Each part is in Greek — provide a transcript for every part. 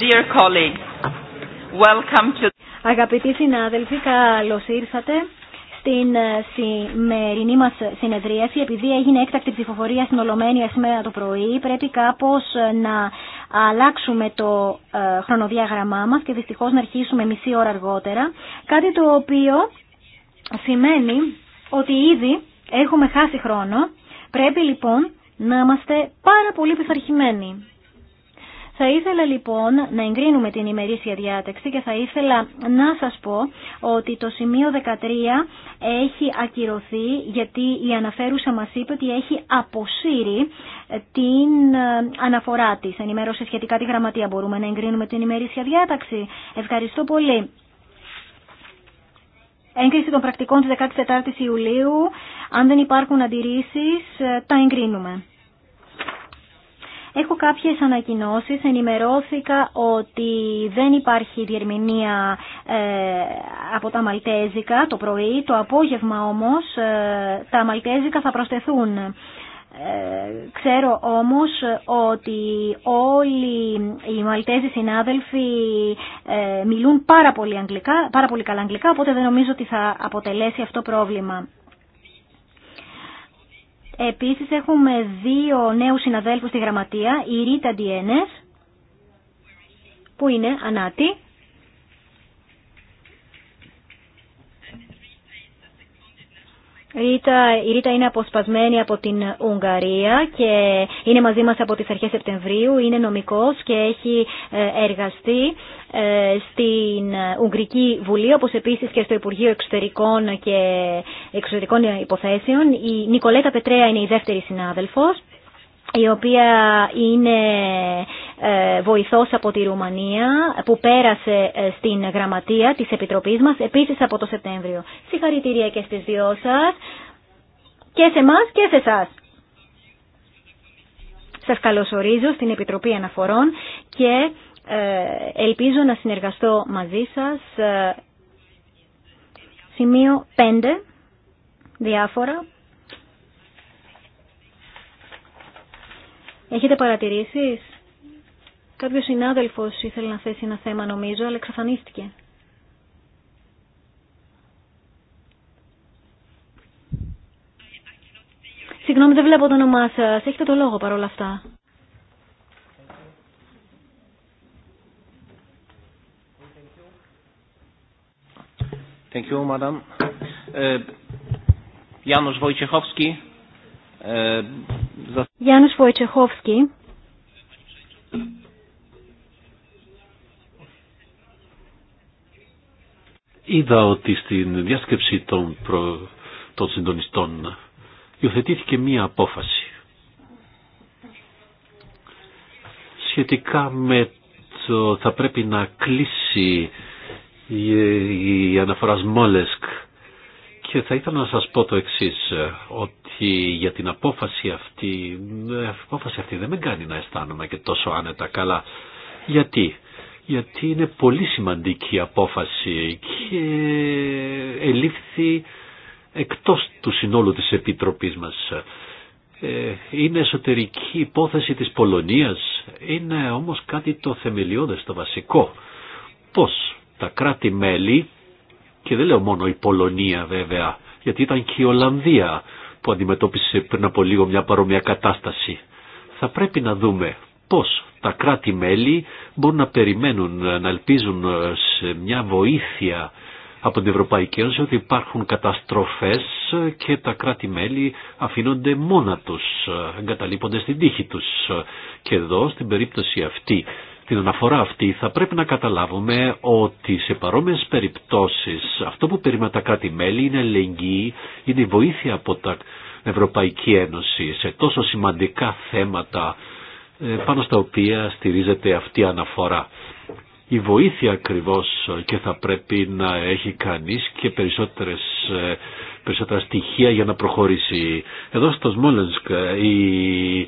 Dear colleagues, welcome to... Αγαπητοί συνάδελφοι, καλώς ήρθατε στην ε, σημερινή μας συνεδρίαση. Επειδή έγινε έκτακτη ψηφοφορία στην Ολομέλεια σήμερα το πρωί, πρέπει κάπως ε, να αλλάξουμε το ε, χρονοδιάγραμμά μας και δυστυχώς να αρχίσουμε μισή ώρα αργότερα. Κάτι το οποίο σημαίνει ότι ήδη έχουμε χάσει χρόνο. Πρέπει λοιπόν να είμαστε πάρα πολύ πειθαρχημένοι. Θα ήθελα λοιπόν να εγκρίνουμε την ημερήσια διάταξη και θα ήθελα να σας πω ότι το σημείο 13 έχει ακυρωθεί γιατί η αναφέρουσα μας είπε ότι έχει αποσύρει ε, την ε, αναφορά της. Ενημέρωσε σχετικά τη γραμματεία μπορούμε να εγκρίνουμε την ημερήσια διάταξη. Ευχαριστώ πολύ. Έγκριση των πρακτικών της 14 η Ιουλίου. Αν δεν υπάρχουν αντιρρήσει, ε, τα εγκρίνουμε. Έχω κάποιες ανακοινώσεις. Ενημερώθηκα ότι δεν υπάρχει διερμηνία ε, από τα Μαλτέζικα το πρωί. Το απόγευμα όμως ε, τα Μαλτέζικα θα προσθεθούν. Ε, ξέρω όμως ότι όλοι οι Μαλτέζοι συνάδελφοι ε, μιλούν πάρα πολύ, αγγλικά, πάρα πολύ καλά αγγλικά, οπότε δεν νομίζω ότι θα αποτελέσει αυτό πρόβλημα. Επίσης έχουμε δύο νέους συναδέλφους στη γραμματεία, η Ρίτα Ντιένες, που είναι ανάτη, η Ρίτα είναι αποσπασμένη από την Ουγγαρία και είναι μαζί μας από τις αρχές Σεπτεμβρίου, είναι νομικός και έχει ε, εργαστεί ε, στην Ουγγρική Βουλή, όπως επίσης και στο Υπουργείο Εξωτερικών και Εξωτερικών Υποθέσεων. Η Νικολέτα Πετρέα είναι η δεύτερη συνάδελφος η οποία είναι ε, βοηθός από τη Ρουμανία που πέρασε ε, στην γραμματεία της Επιτροπής μας επίσης από το Σεπτέμβριο. Συγχαρητήρια και στις δυο σας και σε εμά και σε εσά. Σας καλωσορίζω στην Επιτροπή Αναφορών και ε, ελπίζω να συνεργαστώ μαζί σας. Σημείο 5. Διάφορα. Έχετε παρατηρήσεις. Κάποιος συνάδελφος ήθελε να θέσει ένα θέμα νομίζω, αλλά εξαφανίστηκε. Συγγνώμη, δεν βλέπω το όνομά σας. Έχετε το λόγο παρόλα αυτά. Thank you, madam. Janusz Wojciechowski. Janusz είδα ότι στην διάσκεψη των, προ... των συντονιστών υιοθετήθηκε μία απόφαση σχετικά με το θα πρέπει να κλείσει η αναφορά Μόλεσκ και θα ήθελα να σας πω το εξής ότι για την απόφαση αυτή ε, απόφαση αυτή δεν με κάνει να αισθάνομαι και τόσο άνετα καλά γιατί γιατί είναι πολύ σημαντική η απόφαση και ελήφθη εκτός του συνόλου της Επιτροπής μας. Ε, είναι εσωτερική υπόθεση της Πολωνίας, είναι όμως κάτι το θεμελιώδες, το βασικό. Πώς τα κράτη-μέλη, και δεν λέω μόνο η Πολωνία βέβαια, γιατί ήταν και η Ολλανδία που αντιμετώπισε πριν από λίγο μια παρόμοια κατάσταση. Θα πρέπει να δούμε πώς τα κράτη-μέλη μπορούν να περιμένουν, να ελπίζουν ε, σε μια βοήθεια από την Ευρωπαϊκή Ένωση ότι υπάρχουν καταστροφές ε, και τα κράτη-μέλη αφήνονται μόνα τους, ε, εγκαταλείπονται στην τύχη τους. Και εδώ στην περίπτωση αυτή, την αναφορά αυτή θα πρέπει να καταλάβουμε ότι σε παρόμοιες περιπτώσεις αυτό που περιμένουν τα κράτη-μέλη είναι ελεγγύη, είναι η βοήθεια από την Ευρωπαϊκή Ένωση σε τόσο σημαντικά θέματα ε, πάνω στα οποία στηρίζεται αυτή η αναφορά. Η βοήθεια ακριβώς και θα πρέπει να έχει κανείς και περισσότερες, ε, περισσότερα στοιχεία για να προχωρήσει. Εδώ στο Σμόλενσκ ε, η,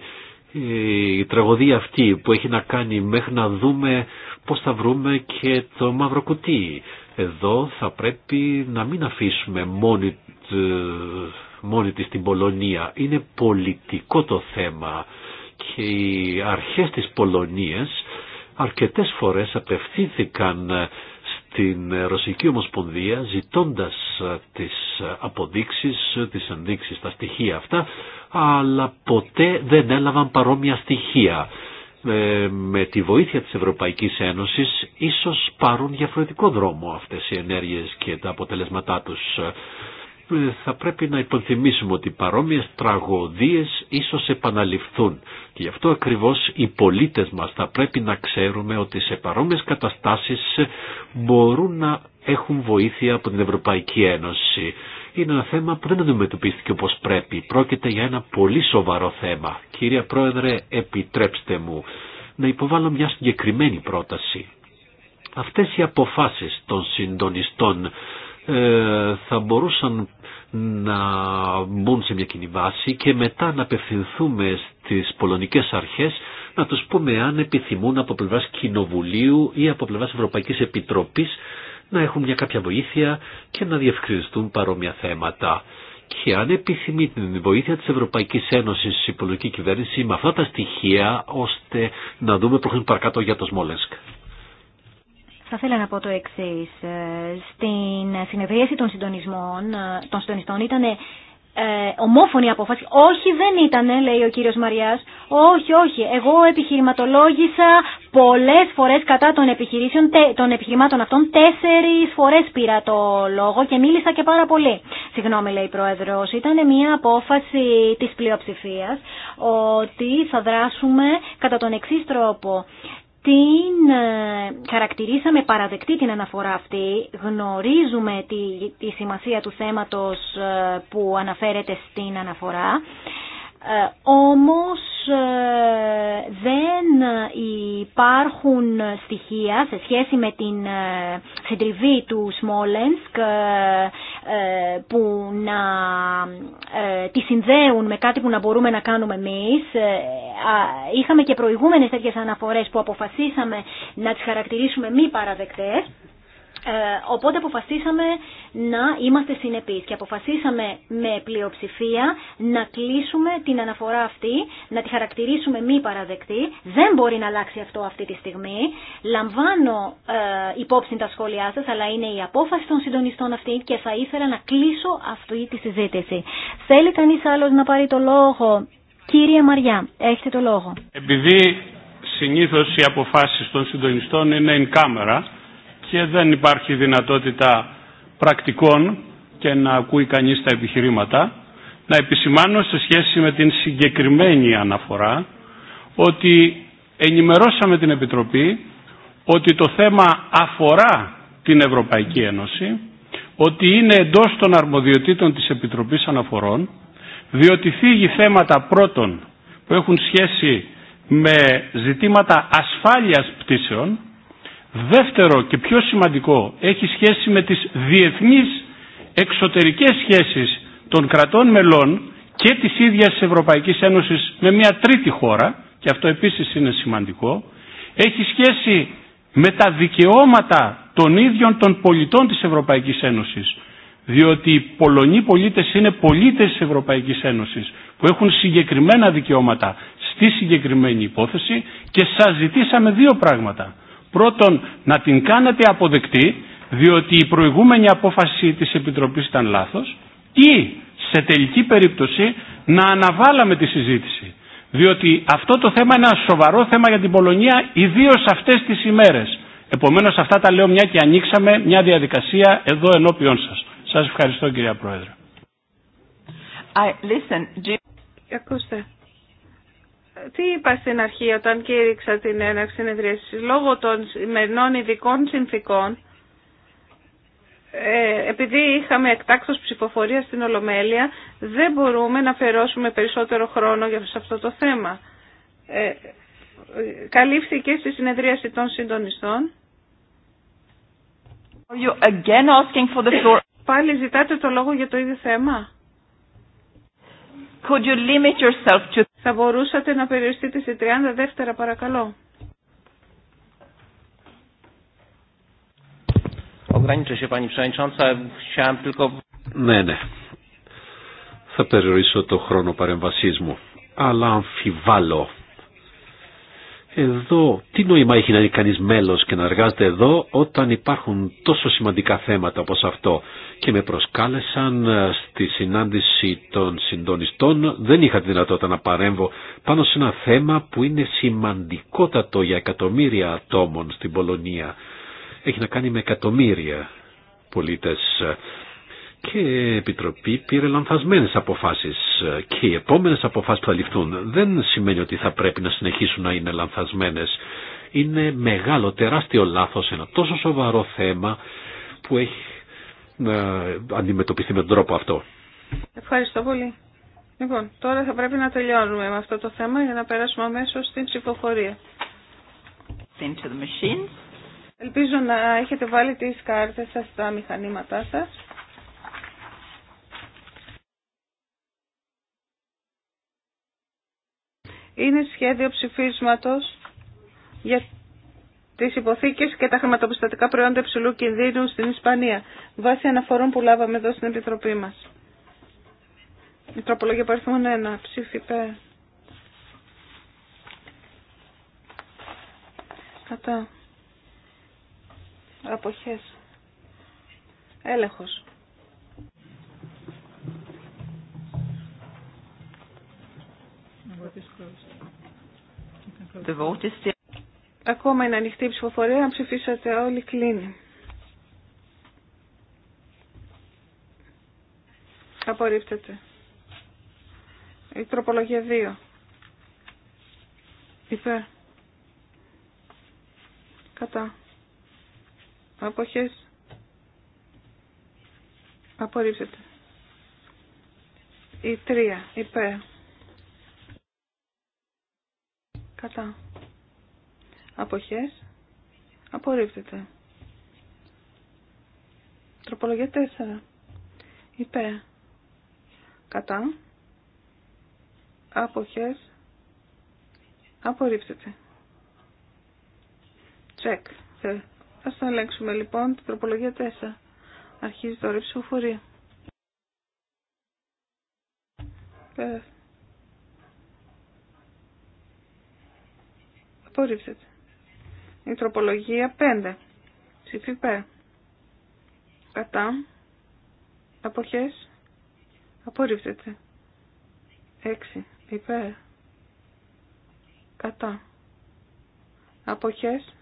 η τραγωδία αυτή που έχει να κάνει μέχρι να δούμε πώς θα βρούμε και το μαύρο κουτί. Εδώ θα πρέπει να μην αφήσουμε μόνη, μόνη της την Πολωνία. Είναι πολιτικό το θέμα και οι αρχές της Πολωνίας αρκετές φορές απευθύνθηκαν ε, στην Ρωσική Ομοσπονδία ζητώντας ε, τις ε, αποδείξεις, τις ενδείξεις, τα στοιχεία αυτά, αλλά ποτέ δεν έλαβαν παρόμοια στοιχεία. με τη βοήθεια της Ευρωπαϊκής Ένωσης ίσως πάρουν διαφορετικό δρόμο αυτές οι ενέργειες και τα αποτελέσματά τους θα πρέπει να υποθυμίσουμε ότι παρόμοιες τραγωδίες ίσως επαναληφθούν και γι' αυτό ακριβώς οι πολίτες μας θα πρέπει να ξέρουμε ότι σε παρόμοιες καταστάσεις μπορούν να έχουν βοήθεια από την Ευρωπαϊκή Ένωση. Είναι ένα θέμα που δεν αντιμετωπίστηκε όπως πρέπει. Πρόκειται για ένα πολύ σοβαρό θέμα. Κύριε Πρόεδρε, επιτρέψτε μου να υποβάλω μια συγκεκριμένη πρόταση. Αυτές οι αποφάσεις των συντονιστών ε, θα μπορούσαν να μπουν σε μια κοινή βάση και μετά να απευθυνθούμε στις πολωνικές αρχές να τους πούμε αν επιθυμούν από πλευράς Κοινοβουλίου ή από πλευράς Ευρωπαϊκής Επιτροπής να έχουν μια κάποια βοήθεια και να διευκρινιστούν παρόμοια θέματα. Και αν επιθυμεί την βοήθεια της Ευρωπαϊκής Ένωσης η πολιτική κυβέρνηση με αυτά τα στοιχεία ώστε να δούμε προχωρήν παρακάτω για το Σμόλενσκ. Θα ήθελα να πω το εξή. Ε, στην συνεδρίαση των, συντονισμών, ε, των συντονιστών ήταν ε, ομόφωνη απόφαση. Όχι, δεν ήταν, λέει ο κύριος Μαριάς. Όχι, όχι. Εγώ επιχειρηματολόγησα πολλές φορές κατά των, επιχειρήσεων, των επιχειρημάτων αυτών. Τέσσερις φορές πήρα το λόγο και μίλησα και πάρα πολύ. Συγγνώμη, λέει η Πρόεδρος. Ήταν μια απόφαση της πλειοψηφίας ότι θα δράσουμε κατά τον εξή τρόπο την ε, χαρακτηρίσαμε παραδεκτή την αναφορά αυτή. Γνωρίζουμε τη, σημασία του θέματος ε, που αναφέρεται στην αναφορά. Ε, όμως δεν υπάρχουν στοιχεία σε σχέση με την συντριβή του Σμόλενσκ ε, που να ε, τη συνδέουν με κάτι που να μπορούμε να κάνουμε εμείς. Ε, είχαμε και προηγούμενες τέτοιες αναφορές που αποφασίσαμε να τις χαρακτηρίσουμε μη παραδεκτές ε, οπότε αποφασίσαμε να είμαστε συνεπείς και αποφασίσαμε με πλειοψηφία να κλείσουμε την αναφορά αυτή, να τη χαρακτηρίσουμε μη παραδεκτή. Δεν μπορεί να αλλάξει αυτό αυτή τη στιγμή. Λαμβάνω ε, υπόψη τα σχόλιά σας, αλλά είναι η απόφαση των συντονιστών αυτή και θα ήθελα να κλείσω αυτή τη συζήτηση. Θέλει κανείς άλλος να πάρει το λόγο. Κύριε Μαριά, έχετε το λόγο. Επειδή συνήθως οι αποφάσεις των συντονιστών είναι in camera, και δεν υπάρχει δυνατότητα πρακτικών και να ακούει κανείς τα επιχειρήματα. Να επισημάνω σε σχέση με την συγκεκριμένη αναφορά ότι ενημερώσαμε την Επιτροπή ότι το θέμα αφορά την Ευρωπαϊκή Ένωση, ότι είναι εντός των αρμοδιοτήτων της Επιτροπής Αναφορών, διότι θίγει θέματα πρώτον που έχουν σχέση με ζητήματα ασφάλειας πτήσεων, Δεύτερο και πιο σημαντικό έχει σχέση με τις διεθνείς εξωτερικές σχέσεις των κρατών μελών και της ίδιας της Ευρωπαϊκής Ένωσης με μια τρίτη χώρα και αυτό επίσης είναι σημαντικό έχει σχέση με τα δικαιώματα των ίδιων των πολιτών της Ευρωπαϊκής Ένωσης διότι οι Πολωνοί πολίτες είναι πολίτες της Ευρωπαϊκής Ένωσης που έχουν συγκεκριμένα δικαιώματα στη συγκεκριμένη υπόθεση και σας ζητήσαμε δύο πράγματα. Πρώτον, να την κάνετε αποδεκτή, διότι η προηγούμενη απόφαση της Επιτροπής ήταν λάθος, ή σε τελική περίπτωση να αναβάλαμε τη συζήτηση. Διότι αυτό το θέμα είναι ένα σοβαρό θέμα για την Πολωνία, ιδίω αυτές τις ημέρες. Επομένως αυτά τα λέω μια και ανοίξαμε μια διαδικασία εδώ ενώπιόν σας. Σας ευχαριστώ κυρία Πρόεδρε. listen. Ακούστε τι είπα στην αρχή όταν κήρυξα την έναρξη συνεδρίασης. Λόγω των σημερινών ειδικών συνθήκων, ε, επειδή είχαμε εκτάκτος ψηφοφορία στην Ολομέλεια, δεν μπορούμε να αφαιρώσουμε περισσότερο χρόνο για αυτό το θέμα. Ε, καλύφθηκε στη συνεδρίαση των συντονιστών. Πάλι ζητάτε το λόγο για το ίδιο θέμα. Could you limit yourself to... Θα μπορούσατε να περιοριστείτε σε 30 δεύτερα παρακαλώ. Ναι, ναι. Θα περιορίσω το χρόνο παρεμβασής μου. Αλλά αμφιβάλλω. Εδώ, τι νόημα έχει να είναι κανείς μέλος και να εργάζεται εδώ όταν υπάρχουν τόσο σημαντικά θέματα όπως αυτό και με προσκάλεσαν ε, στη συνάντηση των συντονιστών. Δεν είχα τη δυνατότητα να παρέμβω πάνω σε ένα θέμα που είναι σημαντικότατο για εκατομμύρια ατόμων στην Πολωνία. Έχει να κάνει με εκατομμύρια πολίτες και η Επιτροπή πήρε λανθασμένες αποφάσεις και οι επόμενες αποφάσεις που θα ληφθούν δεν σημαίνει ότι θα πρέπει να συνεχίσουν να είναι λανθασμένες. Είναι μεγάλο, τεράστιο λάθος ένα τόσο σοβαρό θέμα που έχει να αντιμετωπιστεί με τον τρόπο αυτό. Ευχαριστώ πολύ. Λοιπόν, τώρα θα πρέπει να τελειώνουμε με αυτό το θέμα για να περάσουμε αμέσως στην ψηφοφορία. Ελπίζω να έχετε βάλει τις κάρτες σας στα μηχανήματά σας. Είναι σχέδιο ψηφίσματος για τις υποθήκες και τα χρηματοπιστωτικά προϊόντα υψηλού κινδύνου στην Ισπανία, βάσει αναφορών που λάβαμε εδώ στην Επιτροπή μας. Η τροπολογία παριθμών 1, ψήφι πέ. Κατά. Αποχές. Έλεγχος. The vote is Ακόμα είναι ανοιχτή η ψηφοφορία, αν ψηφίσατε όλοι κλείνει. Απορρίπτεται. Η τροπολογία 2. Υπέρ. Κατά. Αποχές. Απορρίπτεται. Η 3. Υπέρ. Κατά αποχές απορρίπτεται. Τροπολογία 4. Υπέ. Κατά. Αποχές. Απορρίπτεται. Τσεκ. Ε, ας θα ελέγξουμε λοιπόν την τροπολογία 4. Αρχίζει το η ψηφοφορία. Πέρα. Ε. Απορρίπτεται. Η τροπολογία 5. Ψήφι υπέρ. Κατά. Αποχές. Απορρίψετε. 6. Υπέρ. Κατά. Αποχές.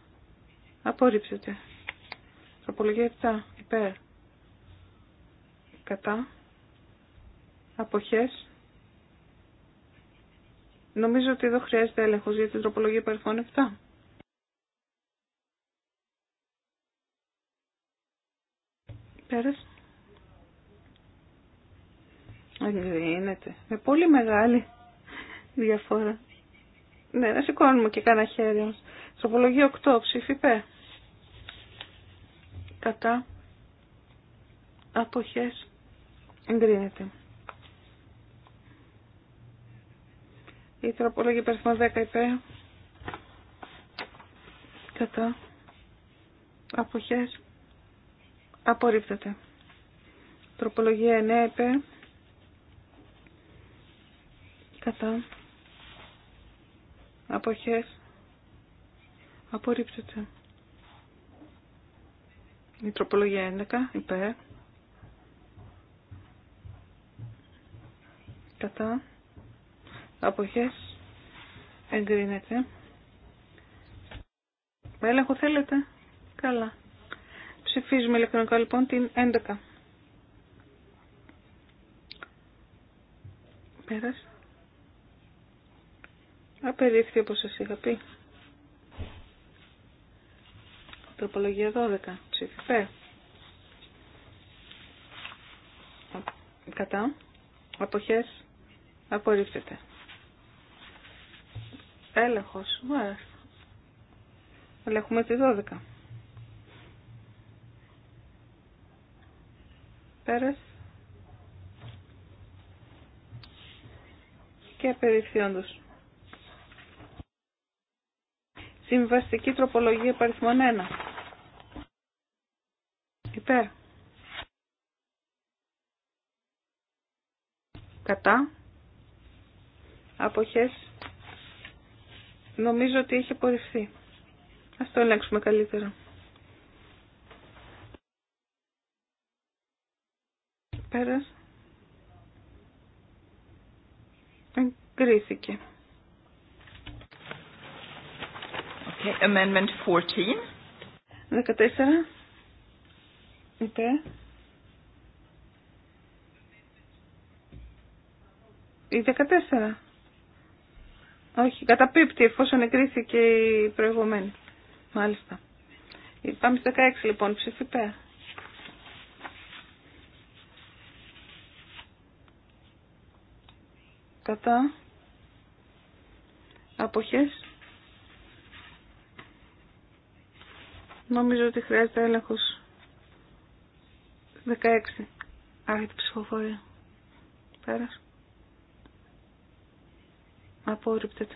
Απορρίψετε. Τροπολογία 7. Υπέρ. Κατά. Αποχές. Νομίζω ότι εδώ χρειάζεται έλεγχος για την τροπολογία παρελθόν 7. Πέρας. Εγκρίνεται. Με πολύ μεγάλη διαφορά. Ναι, να σηκώνουμε και κάνα χέρι μας. Τροπολογία 8, ψήφι πέ. Κατά. Αποχές. Εγκρίνεται. Η τροπολογία υπέρθυμα 10 υπέ. Κατά. Αποχές. Απορρίπτεται. Τροπολογία 9 Κατά. Αποχές. Απορρίπτεται. Η τροπολογία 11 υπέρ. Κατά. Αποχές. Εγκρίνεται. Έλεγχο θέλετε. Καλά. Ψηφίζουμε ηλεκτρονικά λοιπόν την 11. Πέρασε. Απερίφθη όπως σας είχα πει. Τροπολογία 12. Ψηφιφέ. Ε. Κατά. Αποχές. Απορρίφθεται. Έλεγχος. Μάλιστα. Ελέγχουμε τη 12. Πέρας. Και απεριφθεί Συμβαστική τροπολογία παριθμών 1. Υπέρ. Κατά. Αποχές. Νομίζω ότι έχει απορριφθεί. Ας το ελέγξουμε καλύτερα. Εγκρίθηκε. Okay, amendment 14. 14. Υπέρ. Η 14. Όχι, καταπίπτει εφόσον εγκρίθηκε η προηγούμενη. Μάλιστα. Πάμε στο 16 λοιπόν, ψηφιπέ. κατά αποχές. Νομίζω ότι χρειάζεται έλεγχος. 16. Άρχεται ψηφοφορία. Πέρας. Απόρριπτεται.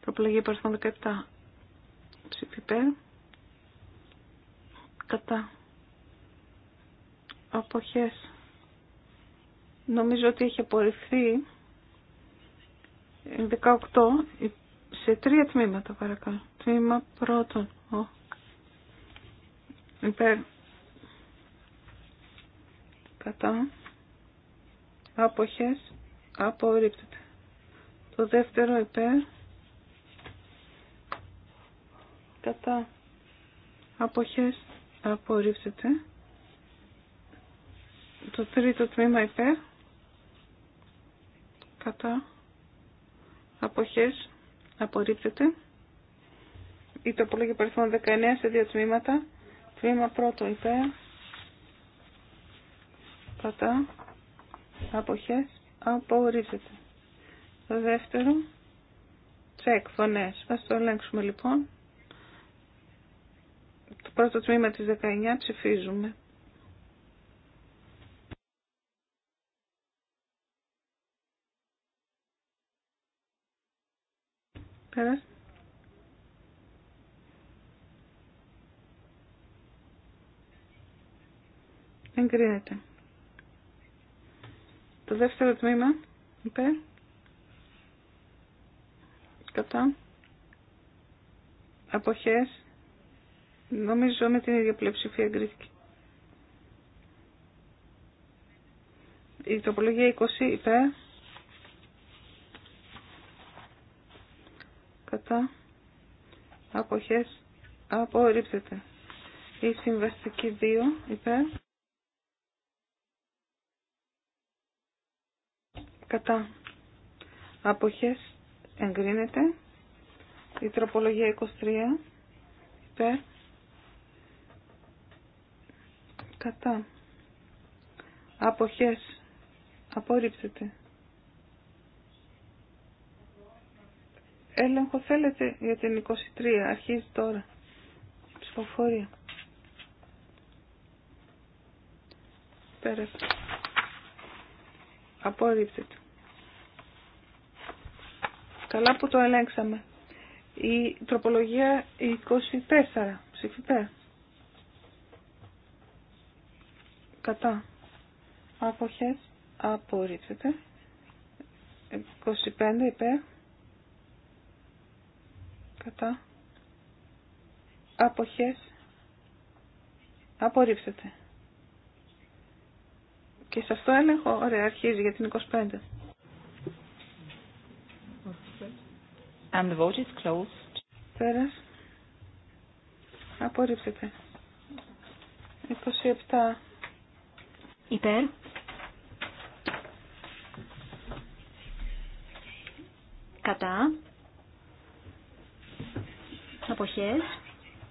Προπλαγή παρθών 17. Ψήφι Κατά. Αποχές. Νομίζω ότι έχει απορριφθεί. 18 σε τρία τμήματα παρακαλώ. Τμήμα πρώτον. Ο. Υπέρ. Κατά. Άποχες. Απορρίπτεται. Το δεύτερο υπέρ. Κατά. Άποχες. Απορρίπτεται. Το τρίτο τμήμα υπέρ. Κατά αποχές απορρίπτεται. Η τοπολογία παρελθόν 19 σε δύο τμήματα. Τμήμα πρώτο υπέρ. Πατά. Αποχές. Απορρίπτεται. Το δεύτερο. Τσεκ φωνές. Ας το ελέγξουμε λοιπόν. Το πρώτο τμήμα της 19 ψηφίζουμε. Δεν Εγκρίνεται. Το δεύτερο τμήμα. είπε Κατά. Αποχές. Νομίζω με την ίδια πλειοψηφία εγκρίθηκε. Η τροπολογία 20 υπέρ. κατά αποχές απορρίπτεται. Η συμβαστική 2 υπέρ κατά αποχές εγκρίνεται. Η τροπολογία 23 υπέρ κατά αποχές απορρίπτεται. έλεγχο θέλετε για την 23, αρχίζει τώρα. Ψηφοφορία. Πέρασε. το. Καλά που το ελέγξαμε. Η τροπολογία 24. Ψηφιπέ. Κατά. Άποχες. Απορρίπτεται. 25 υπέρ κατά αποχές απορρίψετε. Και σε αυτό έλεγχο, ωραία, αρχίζει για την 25. And the vote is closed. Πέρας. Απορρίψετε. 27. Υπέρ. Κατά αποχές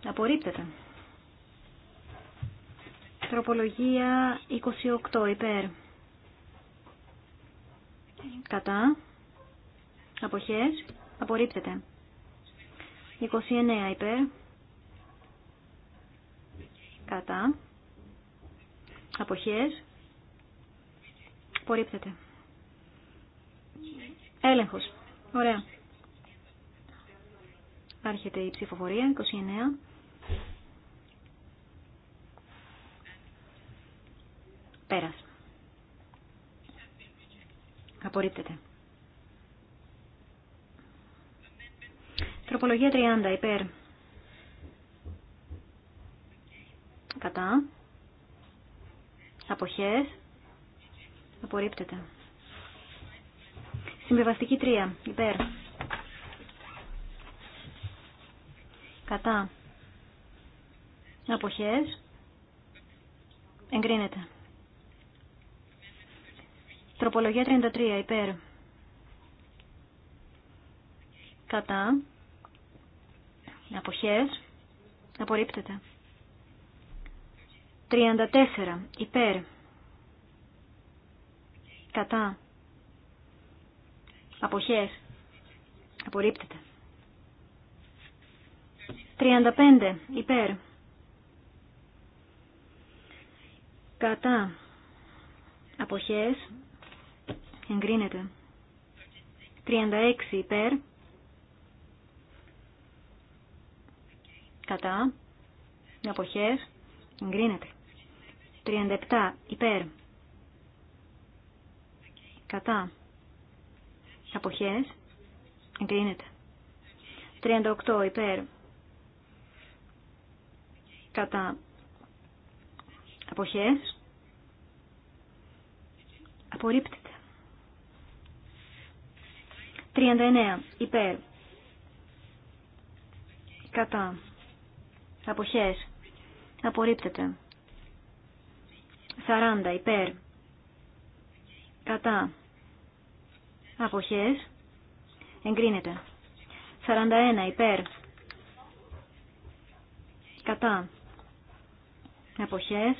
απορρίπτεται. Τροπολογία 28 υπέρ. Κατά. Αποχές. Απορρίπτεται. 29 υπέρ. Κατά. Αποχές. Απορρίπτεται. Έλεγχος. Ωραία. Άρχεται η ψηφοφορία, 29. Πέρας. Απορρίπτεται. Τροπολογία 30, υπέρ. Κατά. Αποχές. Απορρίπτεται. Συμβιβαστική 3, υπέρ. κατά αποχές εγκρίνεται. Τροπολογία 33 υπέρ κατά αποχές απορρίπτεται. 34 υπέρ κατά αποχές απορρίπτεται. 35 υπέρ. Κατά αποχές εγκρίνεται. 36 υπέρ. Κατά αποχές εγκρίνεται. 37 υπέρ. Κατά αποχές εγκρίνεται. 38 υπέρ κατά αποχές απορρίπτεται. 39 υπέρ κατά αποχές απορρίπτεται. 40 υπέρ κατά αποχές εγκρίνεται. 41 υπέρ κατά Αποχές.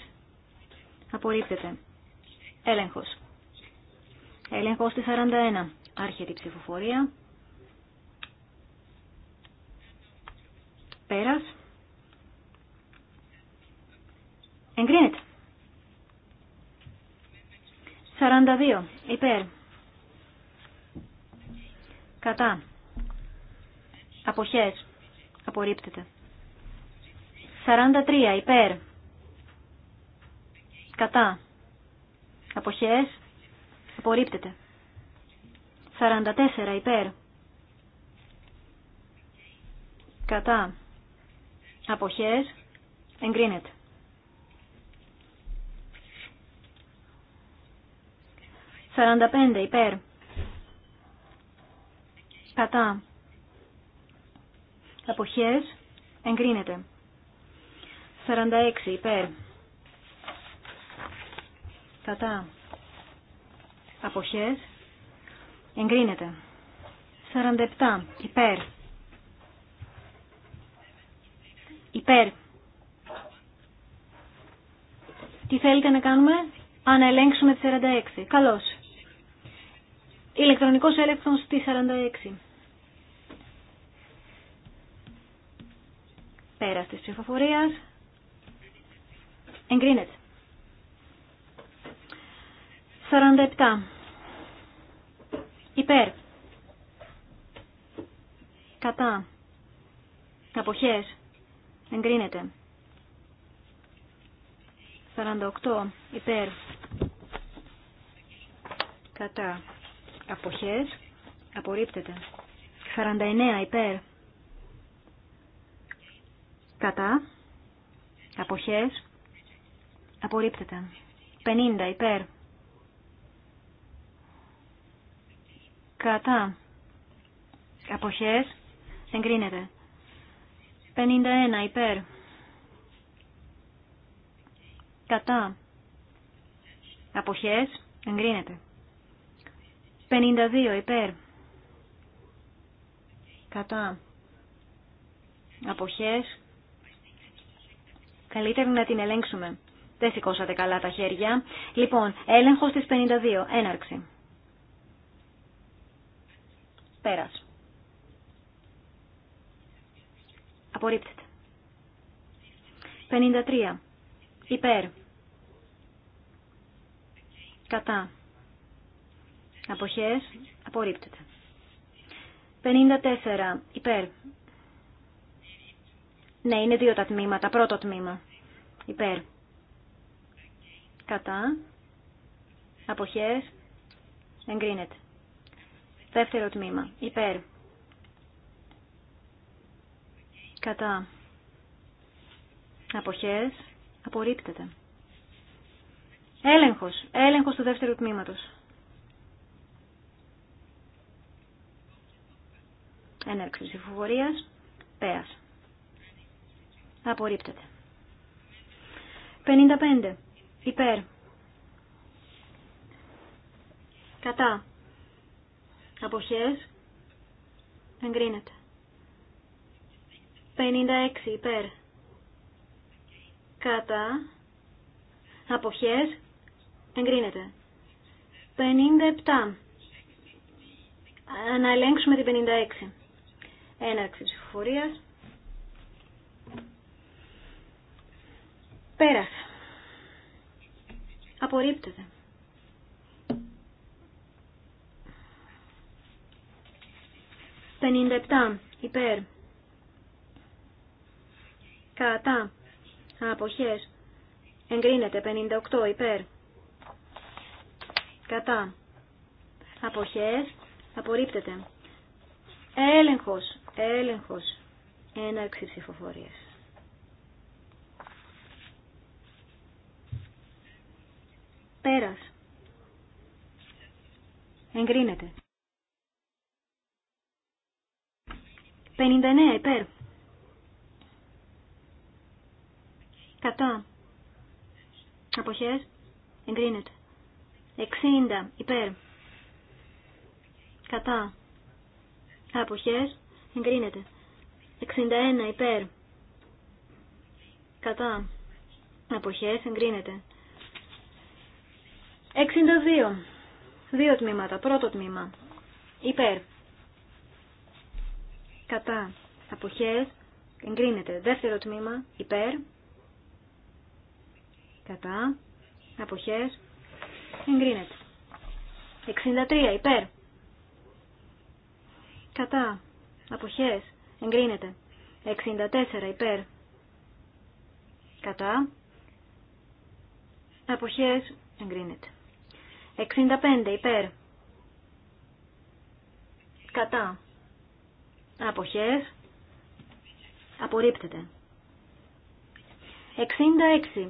Απορρίπτεται. Έλεγχος. Έλεγχος στη 41. Άρχεται η ψηφοφορία. Πέρας. Εγκρίνεται. 42. Υπέρ. Κατά. Αποχές. Απορρίπτεται. 43. Υπέρ. Κατά. Αποχές. Απορρίπτεται. 44 υπέρ. Κατά. Αποχές. Εγκρίνεται. Σαράντα υπέρ. Κατά. Αποχές. Εγκρίνεται. Σαράντα υπέρ κατά αποχές εγκρίνεται 47 υπέρ υπέρ τι θέλετε να κάνουμε Αναελέγξουμε ελέγξουμε τη 46 καλώς ηλεκτρονικός έλεγχος τη 46 Πέρα της ψηφοφορίας εγκρίνεται 47. Υπέρ. Κατά. Αποχές. Εγκρίνεται. 48. Υπέρ. Κατά. Αποχές. Απορρίπτεται. 49. Υπέρ. Κατά. Αποχές. Απορρίπτεται. 50. Υπέρ. Κατά. Αποχές. Εγκρίνεται. 51 υπέρ. Κατά. Αποχές. Εγκρίνεται. 52 υπέρ. Κατά. Αποχές. Καλύτερα να την ελέγξουμε. Δεν σηκώσατε καλά τα χέρια. Λοιπόν, έλεγχος της 52. Έναρξη. Απορρίπτεται. 53. Υπέρ. Κατά. Αποχές. Απορρίπτεται. 54. Υπέρ. Ναι, είναι δύο τα τμήματα. Πρώτο τμήμα. Υπέρ. Κατά. Αποχές. Εγκρίνεται. Δεύτερο τμήμα. Υπέρ. Κατά. Αποχές. Απορρίπτεται. Έλεγχος. Έλεγχος του δεύτερου τμήματος. Έναρξη υφοφορίας. Πέας. Απορρίπτεται. 55. Υπέρ. Κατά. Αποχές. Εγκρίνεται. 56 υπέρ. Κατά. Αποχές. Εγκρίνεται. 57. Να ελέγξουμε την 56. Έναρξη ψηφοφορίας. Πέρασε. Απορρίπτεται. 57 υπέρ κατά αποχές εγκρίνεται 58 υπέρ κατά αποχές απορρίπτεται έλεγχος έλεγχος έναρξη ψηφοφορίας πέρας εγκρίνεται 59 υπέρ. Κατά. Αποχές. Εγκρίνεται. 60 υπέρ. Κατά. Αποχές. Εγκρίνεται. 61 υπέρ. Κατά. Αποχές. Εγκρίνεται. 62. Δύο τμήματα. Πρώτο τμήμα. Υπέρ κατά αποχές εγκρίνεται. Δεύτερο τμήμα υπέρ κατά αποχές εγκρίνεται. 63 υπέρ κατά αποχές εγκρίνεται. 64 υπέρ κατά αποχές εγκρίνεται. 65 υπέρ κατά αποχές απορρίπτεται. 66.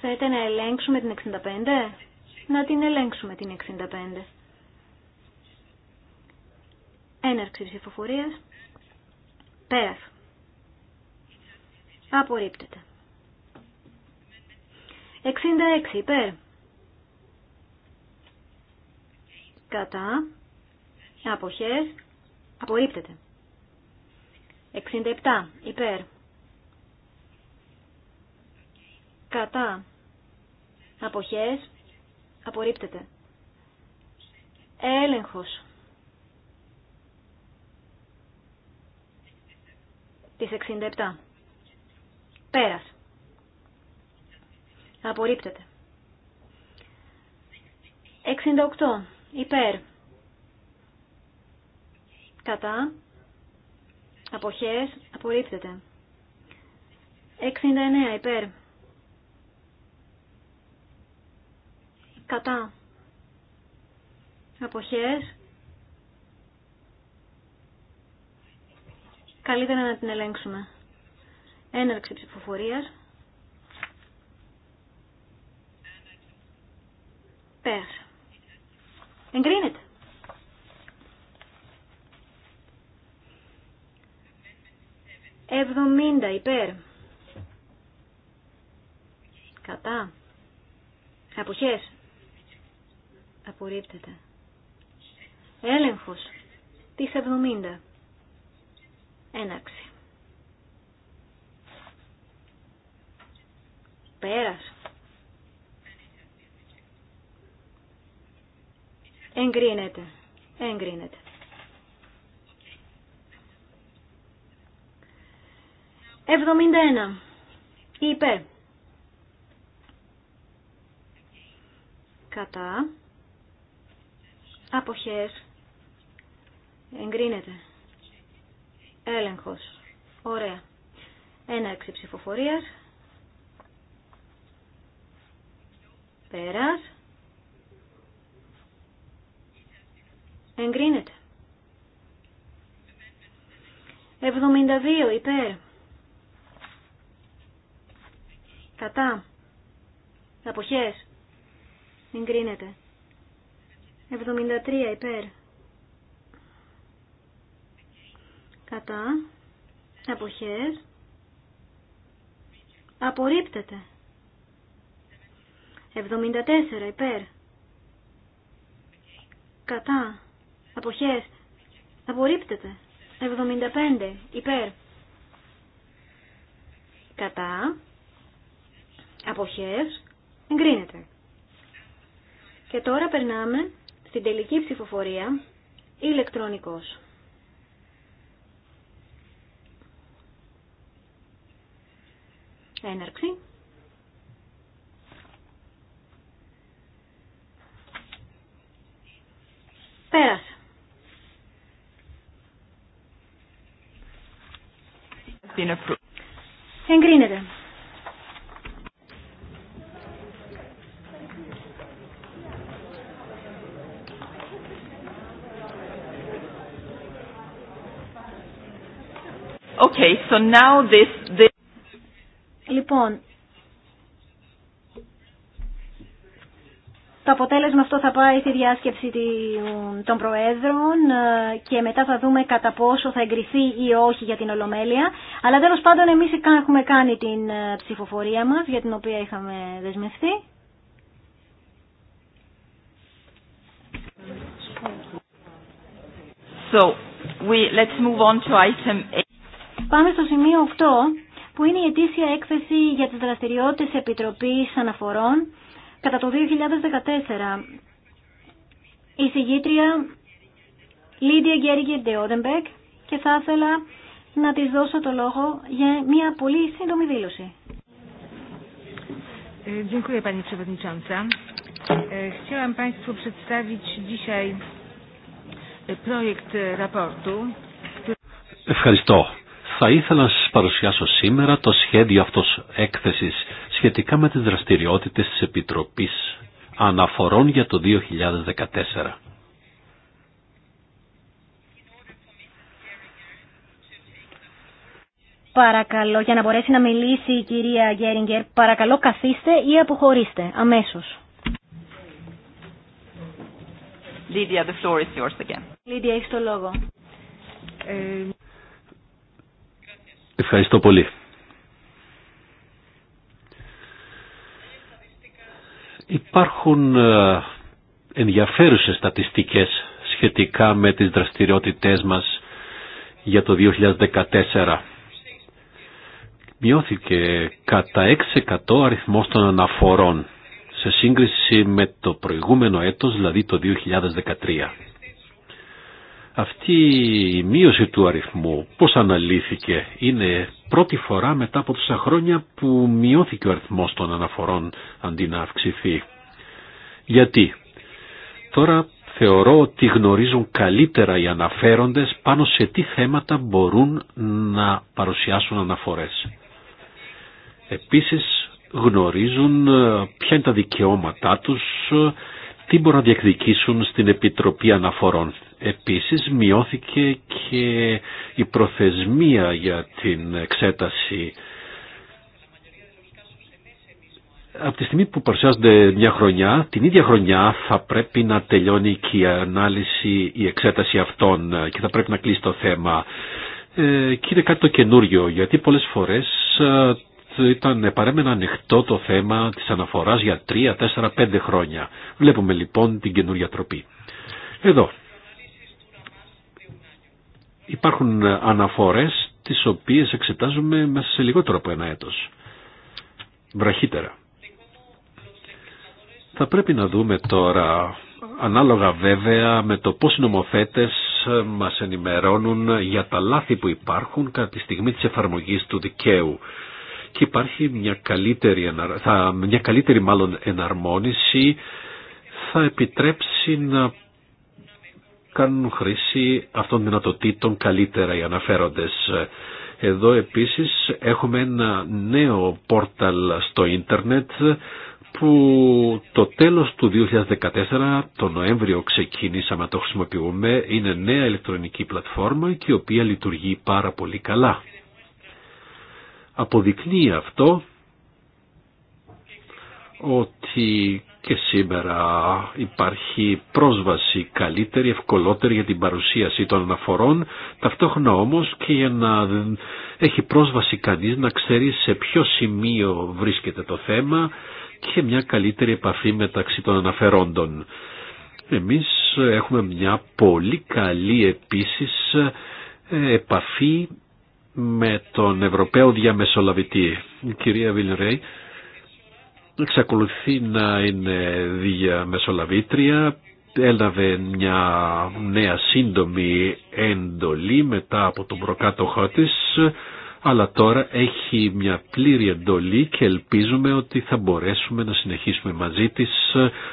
Θέλετε να ελέγξουμε την 65? Να την ελέγξουμε την 65. Έναρξη ψηφοφορίας. Πέρας. Απορρίπτεται. 66 υπέρ. Κατά. Αποχές. Απορρίπτεται. 67. Υπέρ. Κατά. Αποχές. Απορρίπτεται. Έλεγχος. Τις 67. Πέρας. Απορρίπτεται. 68. Υπέρ κατά, αποχές, απορρίπτεται. 69 υπέρ, κατά, αποχές, καλύτερα να την ελέγξουμε. Έναρξη ψηφοφορίας. Πέρασε. Εγκρίνεται. Εβδομήντα υπέρ. Κατά. Αποχές. Απορρίπτεται. Έλεγχος. Τις εβδομήντα Έναξη. Πέρας. Εγκρίνεται. Εγκρίνεται. 71. Υπέρ. Κατά. Αποχές. Εγκρίνεται. Έλεγχος. Ωραία. Έναρξη ψηφοφορίας. Πέρας. Εγκρίνεται. 72 υπέρ. Κατά. Αποχές. Εγκρίνεται. 73 υπέρ. Κατά. Αποχές. Απορρίπτεται. 74 υπέρ. Κατά. Αποχές. Απορρίπτεται. 75 υπέρ. Κατά αποχές, εγκρίνεται. Και τώρα περνάμε στην τελική ψηφοφορία ηλεκτρονικός. Έναρξη. Πέρασε. Εγκρίνεται. Okay, so now this, Λοιπόν, το αποτέλεσμα αυτό θα πάει στη διάσκεψη των Προέδρων ε, και μετά θα δούμε κατά πόσο θα εγκριθεί ή όχι για την Ολομέλεια. Αλλά τέλο πάντων εμείς έχουμε κάνει την ε, ψηφοφορία μας για την οποία είχαμε δεσμευτεί. So, we, let's move on to item Πάμε στο σημείο 8 που είναι η ετήσια έκθεση για τις δραστηριότητες Επιτροπής Αναφορών κατά το 2014. Η συγγήτρια Λίδια Γκέργη Ντεόδεμπεκ και θα ήθελα να της δώσω το λόγο για μια πολύ σύντομη δήλωση. Ε, dziękuję Pani Przewodnicząca. Ε, chciałam Państwu przedstawić dzisiaj projekt raportu. Ευχαριστώ. Θα ήθελα να σας παρουσιάσω σήμερα το σχέδιο αυτός έκθεσης σχετικά με τις δραστηριότητες της Επιτροπής Αναφορών για το 2014. Παρακαλώ, για να μπορέσει να μιλήσει η κυρία Γκέριγκερ, παρακαλώ καθίστε ή αποχωρήστε αμέσως. Λίδια, the έχεις το λόγο. Ε, Ευχαριστώ πολύ. Υπάρχουν ε, ενδιαφέρουσες στατιστικές σχετικά με τις δραστηριότητές μας για το 2014. Μειώθηκε κατά 6% αριθμός των αναφορών σε σύγκριση με το προηγούμενο έτος, δηλαδή το 2013. Αυτή η μείωση του αριθμού πώς αναλύθηκε είναι πρώτη φορά μετά από τόσα χρόνια που μειώθηκε ο αριθμός των αναφορών αντί να αυξηθεί. Γιατί τώρα θεωρώ ότι γνωρίζουν καλύτερα οι αναφέροντες πάνω σε τι θέματα μπορούν να παρουσιάσουν αναφορές. Επίσης γνωρίζουν ε, ποια είναι τα δικαιώματά τους, τι μπορούν να διεκδικήσουν στην Επιτροπή Αναφορών. Επίσης μειώθηκε και η προθεσμία για την εξέταση από τη στιγμή που παρουσιάζονται μια χρονιά, την ίδια χρονιά θα πρέπει να τελειώνει και η ανάλυση, η εξέταση αυτών και θα πρέπει να κλείσει το θέμα. Ε, και είναι κάτι το καινούριο, γιατί πολλές φορές ήταν, παρέμενα ανοιχτό το θέμα της αναφοράς για 3, 4, 5 χρόνια. Βλέπουμε λοιπόν την καινούργια τροπή. Εδώ υπάρχουν αναφορές τις οποίες εξετάζουμε μέσα σε λιγότερο από ένα έτος. Βραχύτερα. Θα πρέπει να δούμε τώρα, ανάλογα βέβαια με το πώς οι νομοθέτες μας ενημερώνουν για τα λάθη που υπάρχουν κατά τη στιγμή της εφαρμογής του δικαίου και υπάρχει μια καλύτερη, θα, μια καλύτερη μάλλον εναρμόνιση θα επιτρέψει να κάνουν χρήση αυτών των δυνατοτήτων καλύτερα οι αναφέροντες. Εδώ επίσης έχουμε ένα νέο πόρταλ στο ίντερνετ που το τέλος του 2014, το Νοέμβριο ξεκίνησαμε να το χρησιμοποιούμε, είναι νέα ηλεκτρονική πλατφόρμα και η οποία λειτουργεί πάρα πολύ καλά. Αποδεικνύει αυτό ότι και σήμερα υπάρχει πρόσβαση καλύτερη, ευκολότερη για την παρουσίαση των αναφορών, ταυτόχρονα όμως και για να έχει πρόσβαση κανείς να ξέρει σε ποιο σημείο βρίσκεται το θέμα και μια καλύτερη επαφή μεταξύ των αναφερόντων. Εμείς έχουμε μια πολύ καλή επίσης ε, επαφή με τον Ευρωπαίο διαμεσολαβητή. Η κυρία Βιλρέη εξακολουθεί να είναι διαμεσολαβήτρια. Έλαβε μια νέα σύντομη εντολή μετά από τον προκάτοχό της, αλλά τώρα έχει μια πλήρη εντολή και ελπίζουμε ότι θα μπορέσουμε να συνεχίσουμε μαζί της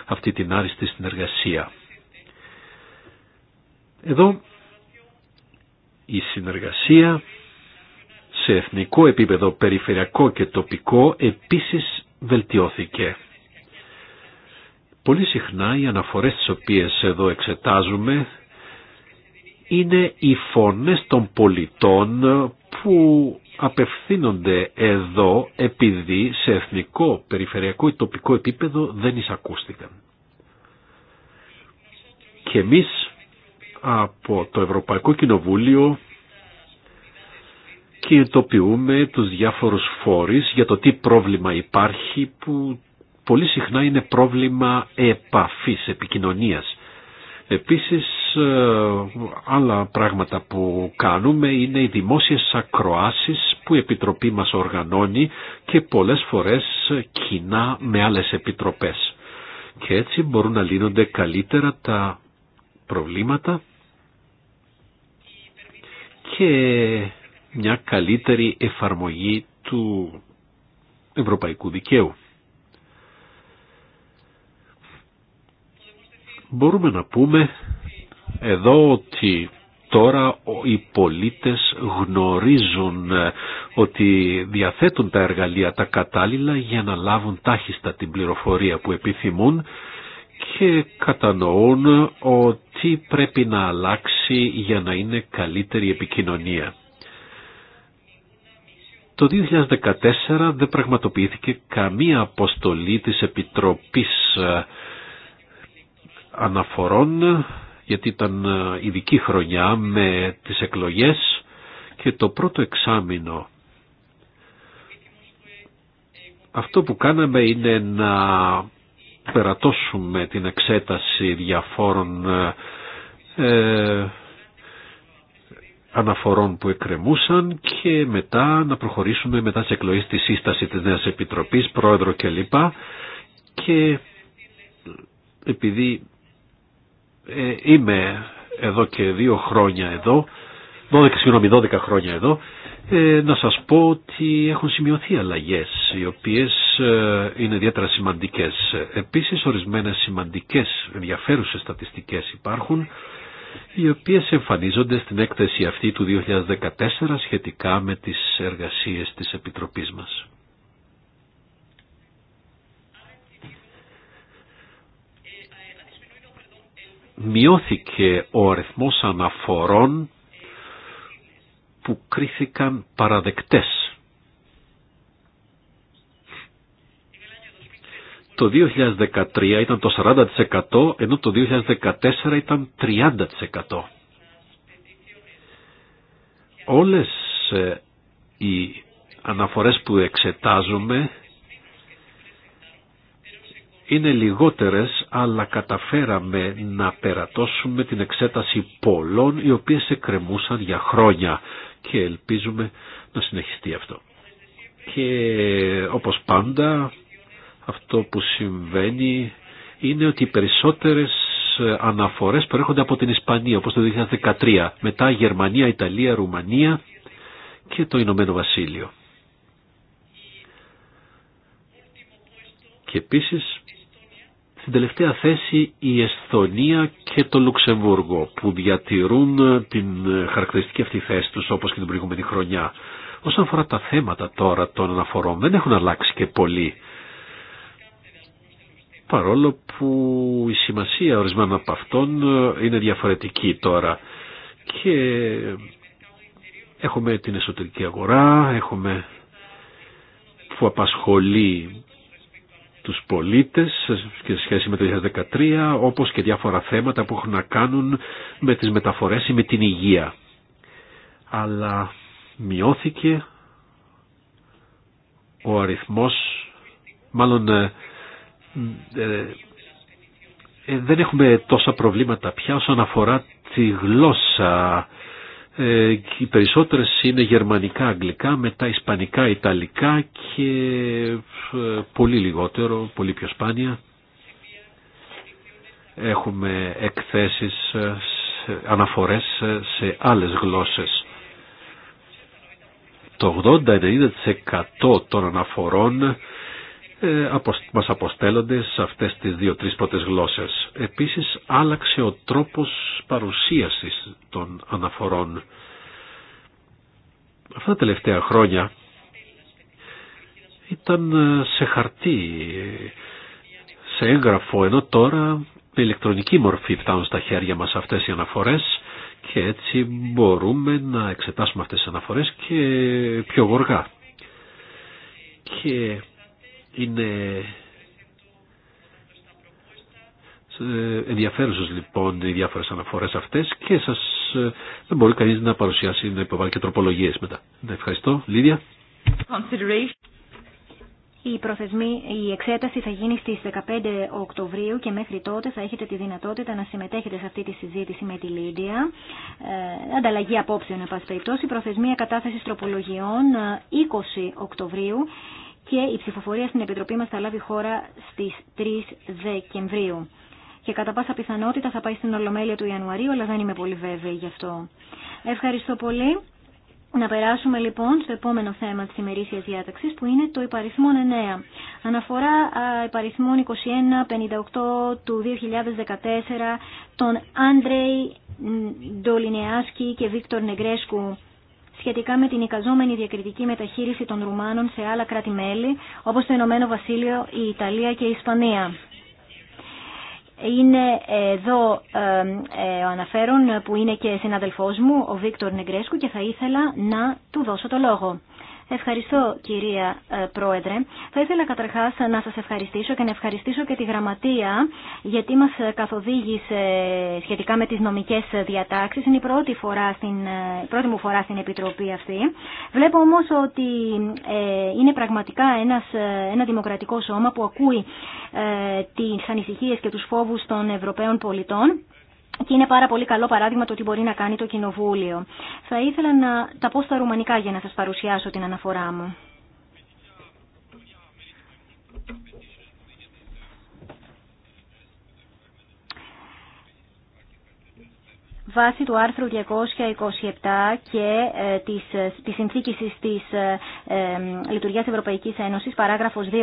αυτή την άριστη συνεργασία. Εδώ η συνεργασία σε εθνικό επίπεδο, περιφερειακό και τοπικό επίσης βελτιώθηκε. Πολύ συχνά οι αναφορές τις οποίες εδώ εξετάζουμε είναι οι φωνές των πολιτών που απευθύνονται εδώ επειδή σε εθνικό, περιφερειακό ή τοπικό επίπεδο δεν εισακούστηκαν. Και εμείς από το Ευρωπαϊκό Κοινοβούλιο κινητοποιούμε τους διάφορους φόρεις για το τι πρόβλημα υπάρχει που πολύ συχνά είναι πρόβλημα επαφής, επικοινωνίας. Επίσης ε, άλλα πράγματα που κάνουμε είναι οι δημόσιες ακροάσεις που η Επιτροπή μας οργανώνει και πολλές φορές κοινά με άλλες επιτροπές. Και έτσι μπορούν να λύνονται καλύτερα τα προβλήματα και μια καλύτερη εφαρμογή του ευρωπαϊκού δικαίου. Μπορούμε να πούμε εδώ ότι τώρα οι πολίτες γνωρίζουν ε, ότι διαθέτουν τα εργαλεία τα κατάλληλα για να λάβουν τάχιστα την πληροφορία που επιθυμούν και κατανοούν ότι πρέπει να αλλάξει για να είναι καλύτερη επικοινωνία. Το 2014 δεν πραγματοποιήθηκε καμία αποστολή της Επιτροπής ε, Αναφορών γιατί ήταν ε, ειδική χρονιά με τις εκλογές και το πρώτο εξάμεινο αυτό που κάναμε είναι να περατώσουμε την εξέταση διαφόρων ε, αναφορών που εκκρεμούσαν και μετά να προχωρήσουμε μετά τις εκλογές τη σύσταση της Νέας Επιτροπής, πρόεδρο κλπ. Και επειδή ε, είμαι εδώ και δύο χρόνια εδώ, 12, συγγνώμη, 12 χρόνια εδώ, ε, να σας πω ότι έχουν σημειωθεί αλλαγές, οι οποίες ε, είναι ιδιαίτερα σημαντικές. Επίσης, ορισμένες σημαντικές ενδιαφέρουσες στατιστικές υπάρχουν, οι οποίες εμφανίζονται στην έκθεση αυτή του 2014 σχετικά με τις εργασίες της Επιτροπής μας. Μειώθηκε ο αριθμός αναφορών που κρίθηκαν παραδεκτές Το 2013 ήταν το 40% ενώ το 2014 ήταν 30%. Όλες ε, οι αναφορές που εξετάζουμε είναι λιγότερες αλλά καταφέραμε να περατώσουμε την εξέταση πολλών οι οποίες εκκρεμούσαν για χρόνια και ελπίζουμε να συνεχιστεί αυτό. Και όπως πάντα αυτό που συμβαίνει είναι ότι οι περισσότερες ε, αναφορές προέρχονται από την Ισπανία, όπως το 2013, μετά Γερμανία, Ιταλία, Ρουμανία και το Ηνωμένο Βασίλειο. Και επίσης στην τελευταία θέση η Εσθονία και το Λουξεμβούργο που διατηρούν την ε, χαρακτηριστική αυτή θέση τους όπως και την προηγούμενη χρονιά. Όσον αφορά τα θέματα τώρα των αναφορών δεν έχουν αλλάξει και πολύ παρόλο που η σημασία ορισμένων από αυτών ε, είναι διαφορετική τώρα και έχουμε την εσωτερική αγορά, έχουμε που απασχολεί τους πολίτες και σε σχέση με το 2013 όπως και διάφορα θέματα που έχουν να κάνουν με τις μεταφορές ή με την υγεία. Αλλά μειώθηκε ο αριθμός, μάλλον ε, ε, ε, δεν έχουμε τόσα προβλήματα πια όσον αφορά τη γλώσσα. Ε, οι περισσότερες είναι γερμανικά, αγγλικά, μετά ισπανικά, ιταλικά και ε, πολύ λιγότερο, πολύ πιο σπάνια. Έχουμε εκθέσεις, αναφορές σε άλλες γλώσσες. Το 80-90% των αναφορών ε, μας αποστέλλονται σε αυτές τις δύο-τρεις πρώτες γλώσσες. Επίσης άλλαξε ο τρόπος παρουσίασης των αναφορών. Αυτά τα τελευταία χρόνια ήταν ε, σε χαρτί, σε έγγραφο, ενώ τώρα με ηλεκτρονική μορφή φτάνουν στα χέρια μας αυτές οι αναφορές και έτσι μπορούμε να εξετάσουμε αυτές τις αναφορές και πιο γοργά. Και είναι ε, ενδιαφέρουσες λοιπόν οι διάφορες αναφορές αυτές και σας ε, δεν μπορεί κανείς να παρουσιάσει να υποβάλει και τροπολογίες μετά. Ναι, ευχαριστώ. Λίδια. Η, προθεσμή, η εξέταση θα γίνει στις 15 Οκτωβρίου και μέχρι τότε θα έχετε τη δυνατότητα να συμμετέχετε σε αυτή τη συζήτηση με τη Λίδια. Ε, ανταλλαγή απόψεων, εν πάση περιπτώσει. Προθεσμία κατάθεσης τροπολογιών 20 Οκτωβρίου και η ψηφοφορία στην Επιτροπή μας θα λάβει χώρα στις 3 Δεκεμβρίου. Και κατά πάσα πιθανότητα θα πάει στην Ολομέλεια του Ιανουαρίου, αλλά δεν είμαι πολύ βέβαιη γι' αυτό. Ευχαριστώ πολύ. Να περάσουμε λοιπόν στο επόμενο θέμα της ημερήσιας διάταξης που είναι το υπαριθμό 9. Αναφορά υπαριθμόν 2158 του 2014 των Άντρεϊ Ντολινεάσκη και Βίκτορ Νεγκρέσκου σχετικά με την εικαζόμενη διακριτική μεταχείριση των Ρουμάνων σε άλλα κράτη-μέλη, όπως το Ηνωμένο Βασίλειο, η Ιταλία και η Ισπανία. Είναι ε, εδώ ε, ε, ο αναφέρον που είναι και συναδελφός μου, ο Βίκτορ Νεγκρέσκου, και θα ήθελα να του δώσω το λόγο. Ευχαριστώ κυρία ε, Πρόεδρε. Θα ήθελα καταρχάς να σας ευχαριστήσω και να ευχαριστήσω και τη Γραμματεία γιατί μας ε, καθοδήγησε σχετικά με τις νομικές διατάξεις. Είναι η πρώτη, φορά στην, ε, πρώτη μου φορά στην Επιτροπή αυτή. Βλέπω όμως ότι είναι πραγματικά ένας, ένα δημοκρατικό σώμα που ακούει ε, τις ανησυχίες και τους φόβους των Ευρωπαίων πολιτών και είναι πάρα πολύ καλό παράδειγμα το τι μπορεί να κάνει το Κοινοβούλιο. Θα ήθελα να τα πω στα ρουμανικά για να σας παρουσιάσω την αναφορά μου. βάσει του άρθρου 227 και ε, της, ε, της συνθήκης της ε, ε, Λειτουργίας Ευρωπαϊκής Ένωσης, παράγραφος 2.1.1,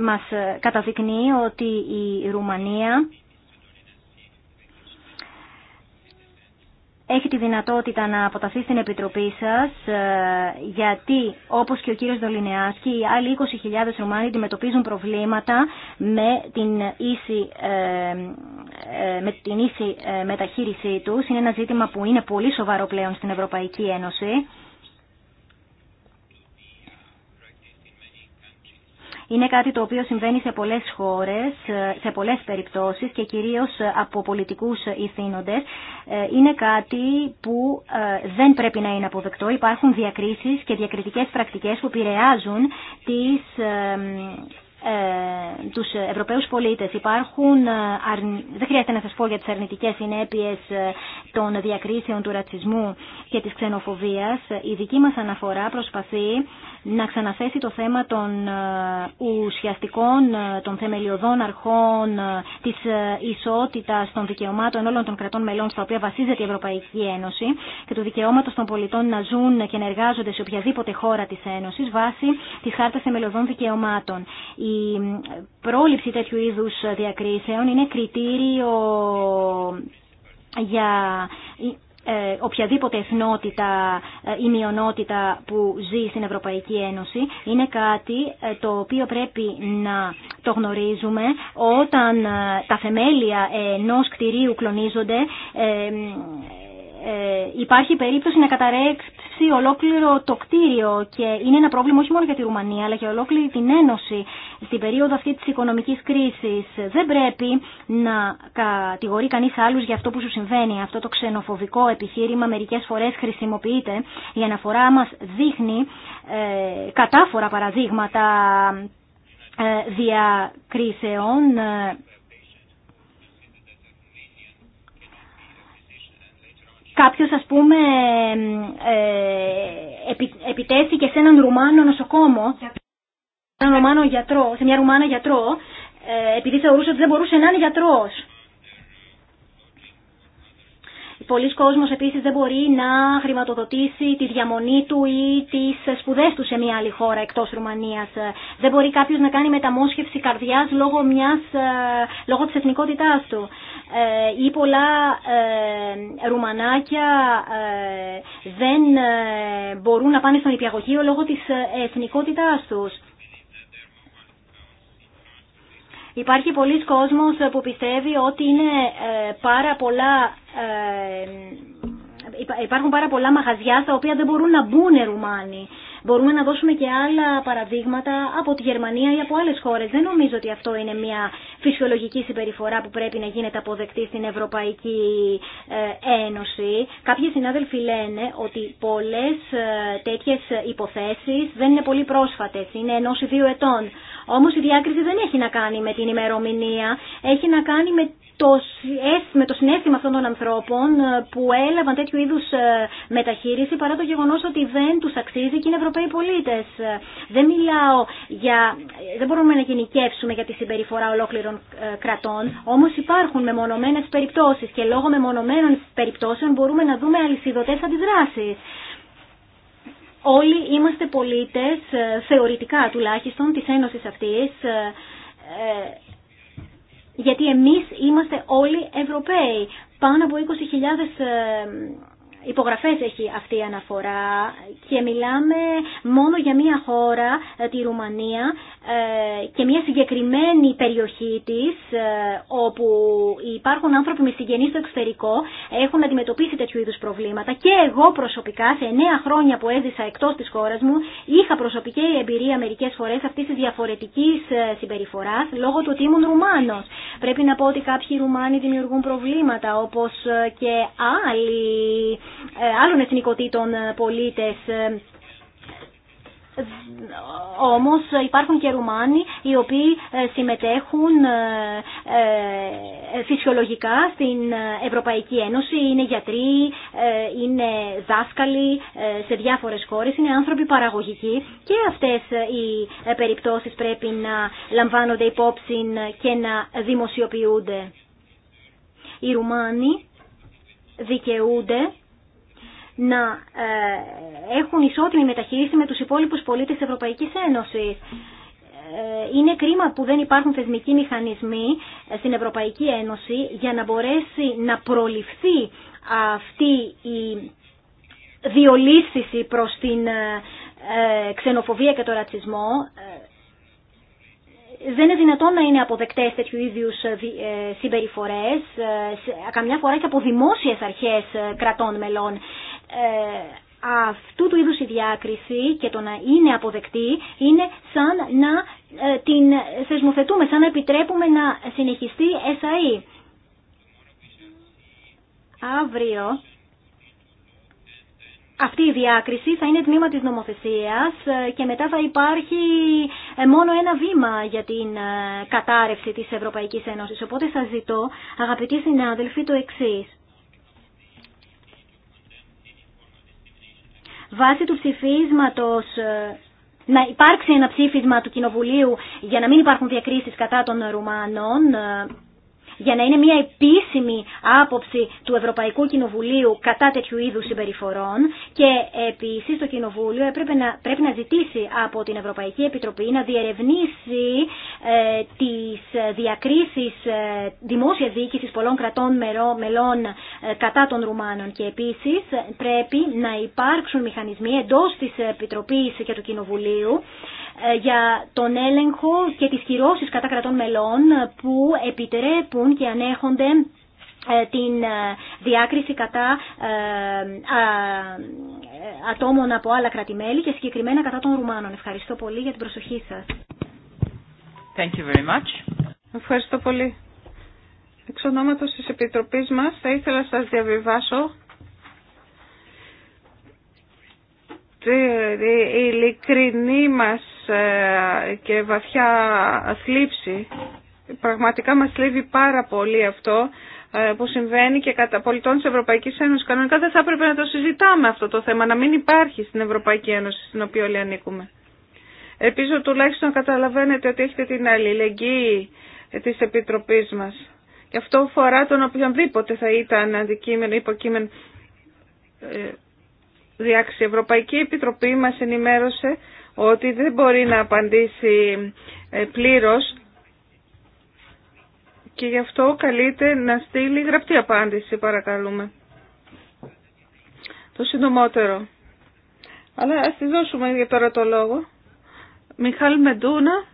μας ε, καταδεικνύει ότι η Ρουμανία έχει τη δυνατότητα να αποταθεί στην Επιτροπή σας, ε, γιατί όπως και ο κύριος Δολινεάσκη, οι άλλοι 20.000 Ρουμάνοι αντιμετωπίζουν προβλήματα με την ίση, ε, με την ίση μεταχείρισή τους. Είναι ένα ζήτημα που είναι πολύ σοβαρό πλέον στην Ευρωπαϊκή Ένωση. Είναι κάτι το οποίο συμβαίνει σε πολλές χώρες, σε πολλές περιπτώσεις και κυρίως από πολιτικούς ηθήνοντες. Ε, είναι κάτι που ε, δεν πρέπει να είναι αποδεκτό. Υπάρχουν διακρίσεις και διακριτικές πρακτικές που επηρεάζουν τις ε, τους Ευρωπαίους πολίτες. Υπάρχουν, δεν χρειάζεται να σας πω για τις αρνητικές συνέπειες των διακρίσεων του ρατσισμού και της ξενοφοβίας, η δική μας αναφορά προσπαθεί να ξαναθέσει το θέμα των ε, ουσιαστικών, ε, των θεμελιωδών αρχών, ε, της ισότητας των δικαιωμάτων όλων των κρατών μελών στα οποία βασίζεται η Ευρωπαϊκή Ένωση και του δικαιώματος των πολιτών να ζουν και να εργάζονται σε οποιαδήποτε χώρα της Ένωσης βάσει της χάρτας θεμελιωδών δικαιωμάτων. Η πρόληψη τέτοιου είδους διακρίσεων είναι κριτήριο για ε, οποιαδήποτε εθνότητα ε, ή μειονότητα που ζει στην Ευρωπαϊκή Ένωση είναι κάτι ε, το οποίο πρέπει να το γνωρίζουμε όταν τα θεμέλια ενός κτηρίου κλονίζονται υπάρχει περίπτωση να καταρρέξει ολόκληρο το κτίριο και είναι ένα πρόβλημα όχι μόνο για τη Ρουμανία αλλά και ολόκληρη την Ένωση στην περίοδο αυτή της οικονομικής κρίσης. Δεν πρέπει να κατηγορεί κανείς άλλους για αυτό που σου συμβαίνει. Αυτό το ξενοφοβικό επιχείρημα μερικές φορές χρησιμοποιείται. Η αναφορά μας δείχνει ε, κατάφορα παραδείγματα ε, διακρίσεων ε, κάποιος ας πούμε ε, επιτέθηκε σε έναν Ρουμάνο νοσοκόμο, σε έναν Ρουμάνο γιατρό, σε μια Ρουμάνα γιατρό, ε, επειδή θεωρούσε ότι δεν μπορούσε να είναι γιατρός πολλοί κόσμος επίσης δεν μπορεί να χρηματοδοτήσει τη διαμονή του ή τις σπουδές του σε μια άλλη χώρα εκτός Ρουμανίας. Δεν μπορεί κάποιος να κάνει μεταμόσχευση καρδιάς λόγω, μιας, ε, λόγω της εθνικότητάς του. Ε, ή πολλά ε, Ρουμανάκια δεν μπορούν να πάνε στον υπηαγωγείο λόγω της εθνικότητάς τους. Υπάρχει πολλοί κόσμος που πιστεύει ότι είναι ε, πάρα πολλά ε, υπάρχουν πάρα πολλά μαγαζιά στα οποία δεν μπορούν να μπουν Ρουμάνοι. Μπορούμε να δώσουμε και άλλα παραδείγματα από τη Γερμανία ή από άλλες χώρες. Δεν νομίζω ότι αυτό είναι μια φυσιολογική συμπεριφορά που πρέπει να γίνεται αποδεκτή στην Ευρωπαϊκή ε, Ένωση. Κάποιοι συνάδελφοι λένε ότι πολλές ε, τέτοιες υποθέσεις δεν είναι πολύ πρόσφατες, είναι ενός ή δύο ετών. Όμως η διάκριση δεν έχει να κάνει με την ημερομηνία, έχει να κάνει με το, με το συνέστημα αυτών των ανθρώπων ε, που έλαβαν τέτοιου είδους ε, μεταχείριση παρά το γεγονός ότι δεν τους αξίζει και είναι Ευρωπαίοι πολίτες. Ε, δεν μιλάω για... δεν μπορούμε να γενικεύσουμε για τη συμπεριφορά ολόκληρων κρατών, όμως υπάρχουν μεμονωμένε περιπτώσεις και λόγω μεμονωμένων περιπτώσεων μπορούμε να δούμε αλυσιδωτέ αντιδράσει. Όλοι είμαστε πολίτες, θεωρητικά τουλάχιστον, της Ένωσης αυτής, γιατί εμείς είμαστε όλοι Ευρωπαίοι. Πάνω από 20.000 ε, υπογραφές έχει αυτή η αναφορά και μιλάμε μόνο για μία χώρα, ε, τη Ρουμανία, ε, και μια συγκεκριμένη περιοχή της ε, όπου υπάρχουν άνθρωποι με συγγενείς στο εξωτερικό έχουν αντιμετωπίσει τέτοιου είδους προβλήματα και εγώ προσωπικά σε 9 χρόνια που έζησα εκτός της χώρας μου είχα προσωπική εμπειρία μερικές φορές αυτής της διαφορετικής ε, συμπεριφοράς λόγω του ότι ήμουν Ρουμάνος. Πρέπει να πω ότι κάποιοι Ρουμάνοι δημιουργούν προβλήματα όπως και άλλοι, άλλων εθνικοτήτων πολίτες όμως υπάρχουν και Ρουμάνοι οι οποίοι ε, συμμετέχουν ε, ε, φυσιολογικά στην Ευρωπαϊκή Ένωση. Είναι γιατροί, είναι δάσκαλοι σε διάφορες χώρες, είναι άνθρωποι παραγωγικοί και αυτές οι περιπτώσεις πρέπει να λαμβάνονται υπόψη και να δημοσιοποιούνται. Οι Ρουμάνοι δικαιούνται να ε, έχουν ισότιμη μεταχείριση με τους υπόλοιπους πολίτες της Ευρωπαϊκής Ένωσης. Ε, είναι κρίμα που δεν υπάρχουν θεσμικοί μηχανισμοί ε, στην Ευρωπαϊκή Ένωση για να μπορέσει να προληφθεί αυτή η διολύσθηση προς την ξενοφοβία και τον ρατσισμό. Δεν είναι δυνατόν να είναι αποδεκτές τέτοιου είδου συμπεριφορές, καμιά φορά και από δημόσιες αρχές κρατών μελών. Ε, αυτού του είδους η διάκριση και το να είναι αποδεκτή είναι σαν να ε, την θεσμοθετούμε, σαν να επιτρέπουμε να συνεχιστεί ΕΣΑΗ. E. Αύριο αυτή η διάκριση θα είναι τμήμα της νομοθεσίας ε, και μετά θα υπάρχει μόνο ένα βήμα για την κατάρρευση της Ευρωπαϊκής Ένωσης. Οπότε σας ζητώ, αγαπητοί συνάδελφοι, το εξής. βάσει του ψηφίσματος ε, να υπάρξει ένα ψήφισμα του Κοινοβουλίου για να μην υπάρχουν διακρίσεις κατά των Ρουμάνων ε, για να είναι μια επίσημη άποψη του Ευρωπαϊκού Κοινοβουλίου κατά τέτοιου είδους συμπεριφορών και επίσης το Κοινοβούλιο πρέπει να ζητήσει από την Ευρωπαϊκή Επιτροπή να διερευνήσει ε, τις διακρίσεις ε, δημόσια διοίκησης πολλών κρατών μερό, μελών ε, κατά των Ρουμάνων και επίσης πρέπει να υπάρξουν μηχανισμοί εντός της Επιτροπής και του Κοινοβουλίου ε, για τον έλεγχο και τις κυρώσεις κατά κρατών μελών που επιτρέπουν και ανέχονται ε, την ε, διάκριση κατά ατόμων από άλλα κρατημέλη και συγκεκριμένα κατά των Ρουμάνων. Ευχαριστώ πολύ για την προσοχή σας. Thank you Ευχαριστώ πολύ. Εξ ονόματος της Επιτροπής μας θα ήθελα να σας διαβιβάσω ειλικρινή μας ε, και βαθιά θλίψη. Πραγματικά μας θλίβει πάρα πολύ αυτό ε, που συμβαίνει και κατά πολιτών της Ευρωπαϊκής Ένωσης. Κανονικά δεν θα έπρεπε να το συζητάμε αυτό το θέμα, να μην υπάρχει στην Ευρωπαϊκή Ένωση στην οποία όλοι ανήκουμε. Ελπίζω τουλάχιστον καταλαβαίνετε ότι έχετε την αλληλεγγύη της Επιτροπής μας. Και αυτό φορά τον οποιονδήποτε θα ήταν αντικείμενο, υποκείμενο ε, διάξει. Η Ευρωπαϊκή Επιτροπή μας ενημέρωσε ότι δεν μπορεί να απαντήσει ε, πλήρως και γι' αυτό καλείται να στείλει γραπτή απάντηση, παρακαλούμε. Το συντομότερο. Αλλά ας τη δώσουμε για τώρα το λόγο. Μιχάλη Μεντούνα